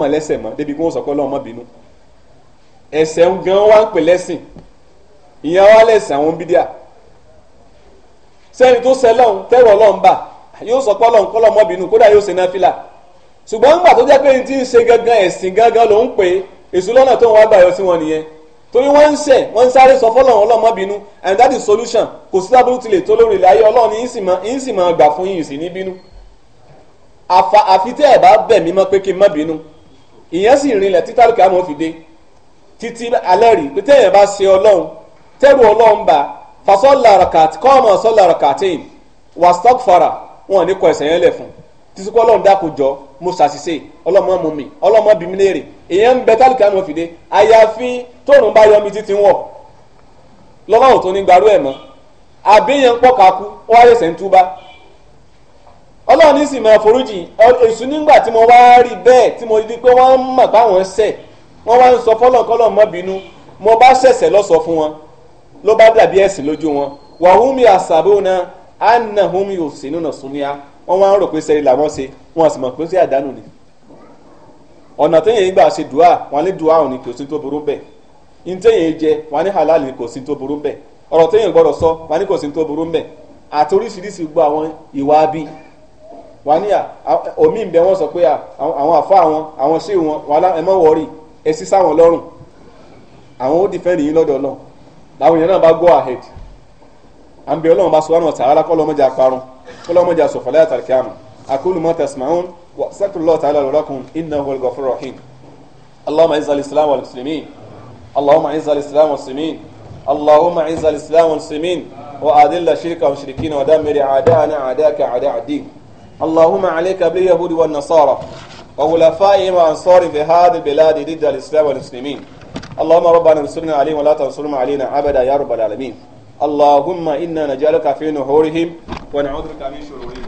mọ̀ lẹ́sẹ̀ mọ́ débi kí wọ́n sọ pé ọlọ́run má bínú ẹ̀ṣẹ̀ ń gan wá ń pè lẹ́sìn ìyẹn wá lẹ́sìn àwọn bídíà sẹ́ni tó ṣe lọ́hùn tẹ́rọ ọlọ́run bà yóò sọ pé ọlọ́run kọ́ ọlọ́run má bínú kódà yóò ṣe náfìlà ṣùgbọ́n nígbà tó jẹ́ pé ní ti ń ṣe gangan ẹ̀sìn gangan ló ń pè é èṣù lọ́nà tó ń wá gbà yọ sí wọn nìyẹn torí wọ́n ń ṣẹ̀ wọ́n ń sáré sọ fọ́lọ́run ọlọ́mọ bínú and that is solution kò sí lábúrú tilẹ̀ tó lórí ilẹ̀ ayé ọlọ́run yìí sì máa gbà fún yìí sí ní bínú àfi tẹ́ ẹ̀ bá bẹ̀ mí mọ́ pé kí n má bínú ìyẹn sì rinlẹ̀ títí àlùkò àmọ́ fi dé títí alẹ́ rí pé tẹ́yìn bá ṣe ọlọ́run tẹ́rù ọlọ́run bá fasọ́lá rakàtí kọ́ọ̀mọ̀ sọ́lá rakàtí wàstọ́kfara wọn ní kọ ẹ̀sẹ̀ yẹn lẹ̀ fún títí ọlọ́run dákun jọ mo ṣàṣìṣe ọlọ́mọ mú mi ọlọ́mọ bí mi léèrè èèyàn ń bẹ tálíkà àmọ́ fìdé àyàfi tóòrùn bá yọmi títí wọ̀ lọ́lọ́run tó ní gbarú ẹ̀ mọ́ àbíyẹn pọ́ka kú ó wáyé ṣẹ̀ ń túbá ọlọ́run ní sì máa foríjì èṣù nígbà tí mo wá rí bẹ́ẹ̀ tí mo rí pé wọ́n ń mọ̀ báwọn ṣẹ̀ wọ́n wá ń sọ fọ́lọ́kọ́lọ́ mọ́ bínú mo bá ṣẹ̀ṣẹ̀ lọ́sọ fún wọn ló bá dàbí ẹ̀sìn lójú wọn wàhùn àṣàbò náà ànàhùn mi ò sínú nà súnmíà wá ń rò pé sẹ́yìn làwọn ṣe wọn sì mọ̀ pé ó sì àdánù ni ọ̀nà téèyàn ń gbà ṣe dùá wọn ní dùá òní kò sí tó burú bẹ́ẹ̀ ní téèyàn jẹ wọn ní halal ni kò sí tó burú bẹ́ẹ̀ ọ̀rọ̀ téèyàn gbọ́dọ̀ sọ wọn ní kò sí tó burú bẹ́ẹ̀ àti oríṣiríṣi gbọ́ àwọn ìwà abí wọn ní omi ń bẹ wọn sọ pé àwọn àfa àwọn àwọn ṣé wọn wọn ẹ mọ wọrí ẹ sí sáwọn lọ́rùn àwọn ó dìfẹ́ǹdì yín lọ́dọ̀ náà làwọn èèyàn náà bá go ahead à ń bẹ ọlọ́run bá sọ wọn náà tààrà kọ́ lọ́mọdé àparun kọ́ lọ́mọdé àsọ̀fọ̀lẹ́ àtàkẹ́ àmọ́ أقول ما تسمعون وأستغفر الله تعالى لكم إنه هو الغفور الرحيم اللهم أعز الإسلام والمسلمين اللهم أعز الإسلام والمسلمين اللهم أعز الإسلام والمسلمين وأذل الشرك والمشركين ودمر أعداءنا أعداءك أعداء الدين اللهم عليك باليهود والنصارى وخلفائهم وأنصارهم في هذه البلاد ضد الإسلام والمسلمين اللهم ربنا انصرنا عليهم ولا تنصرنا علينا أبدا يا رب العالمين اللهم إنا نجعلك في نحورهم ونعوذ بك من شرورهم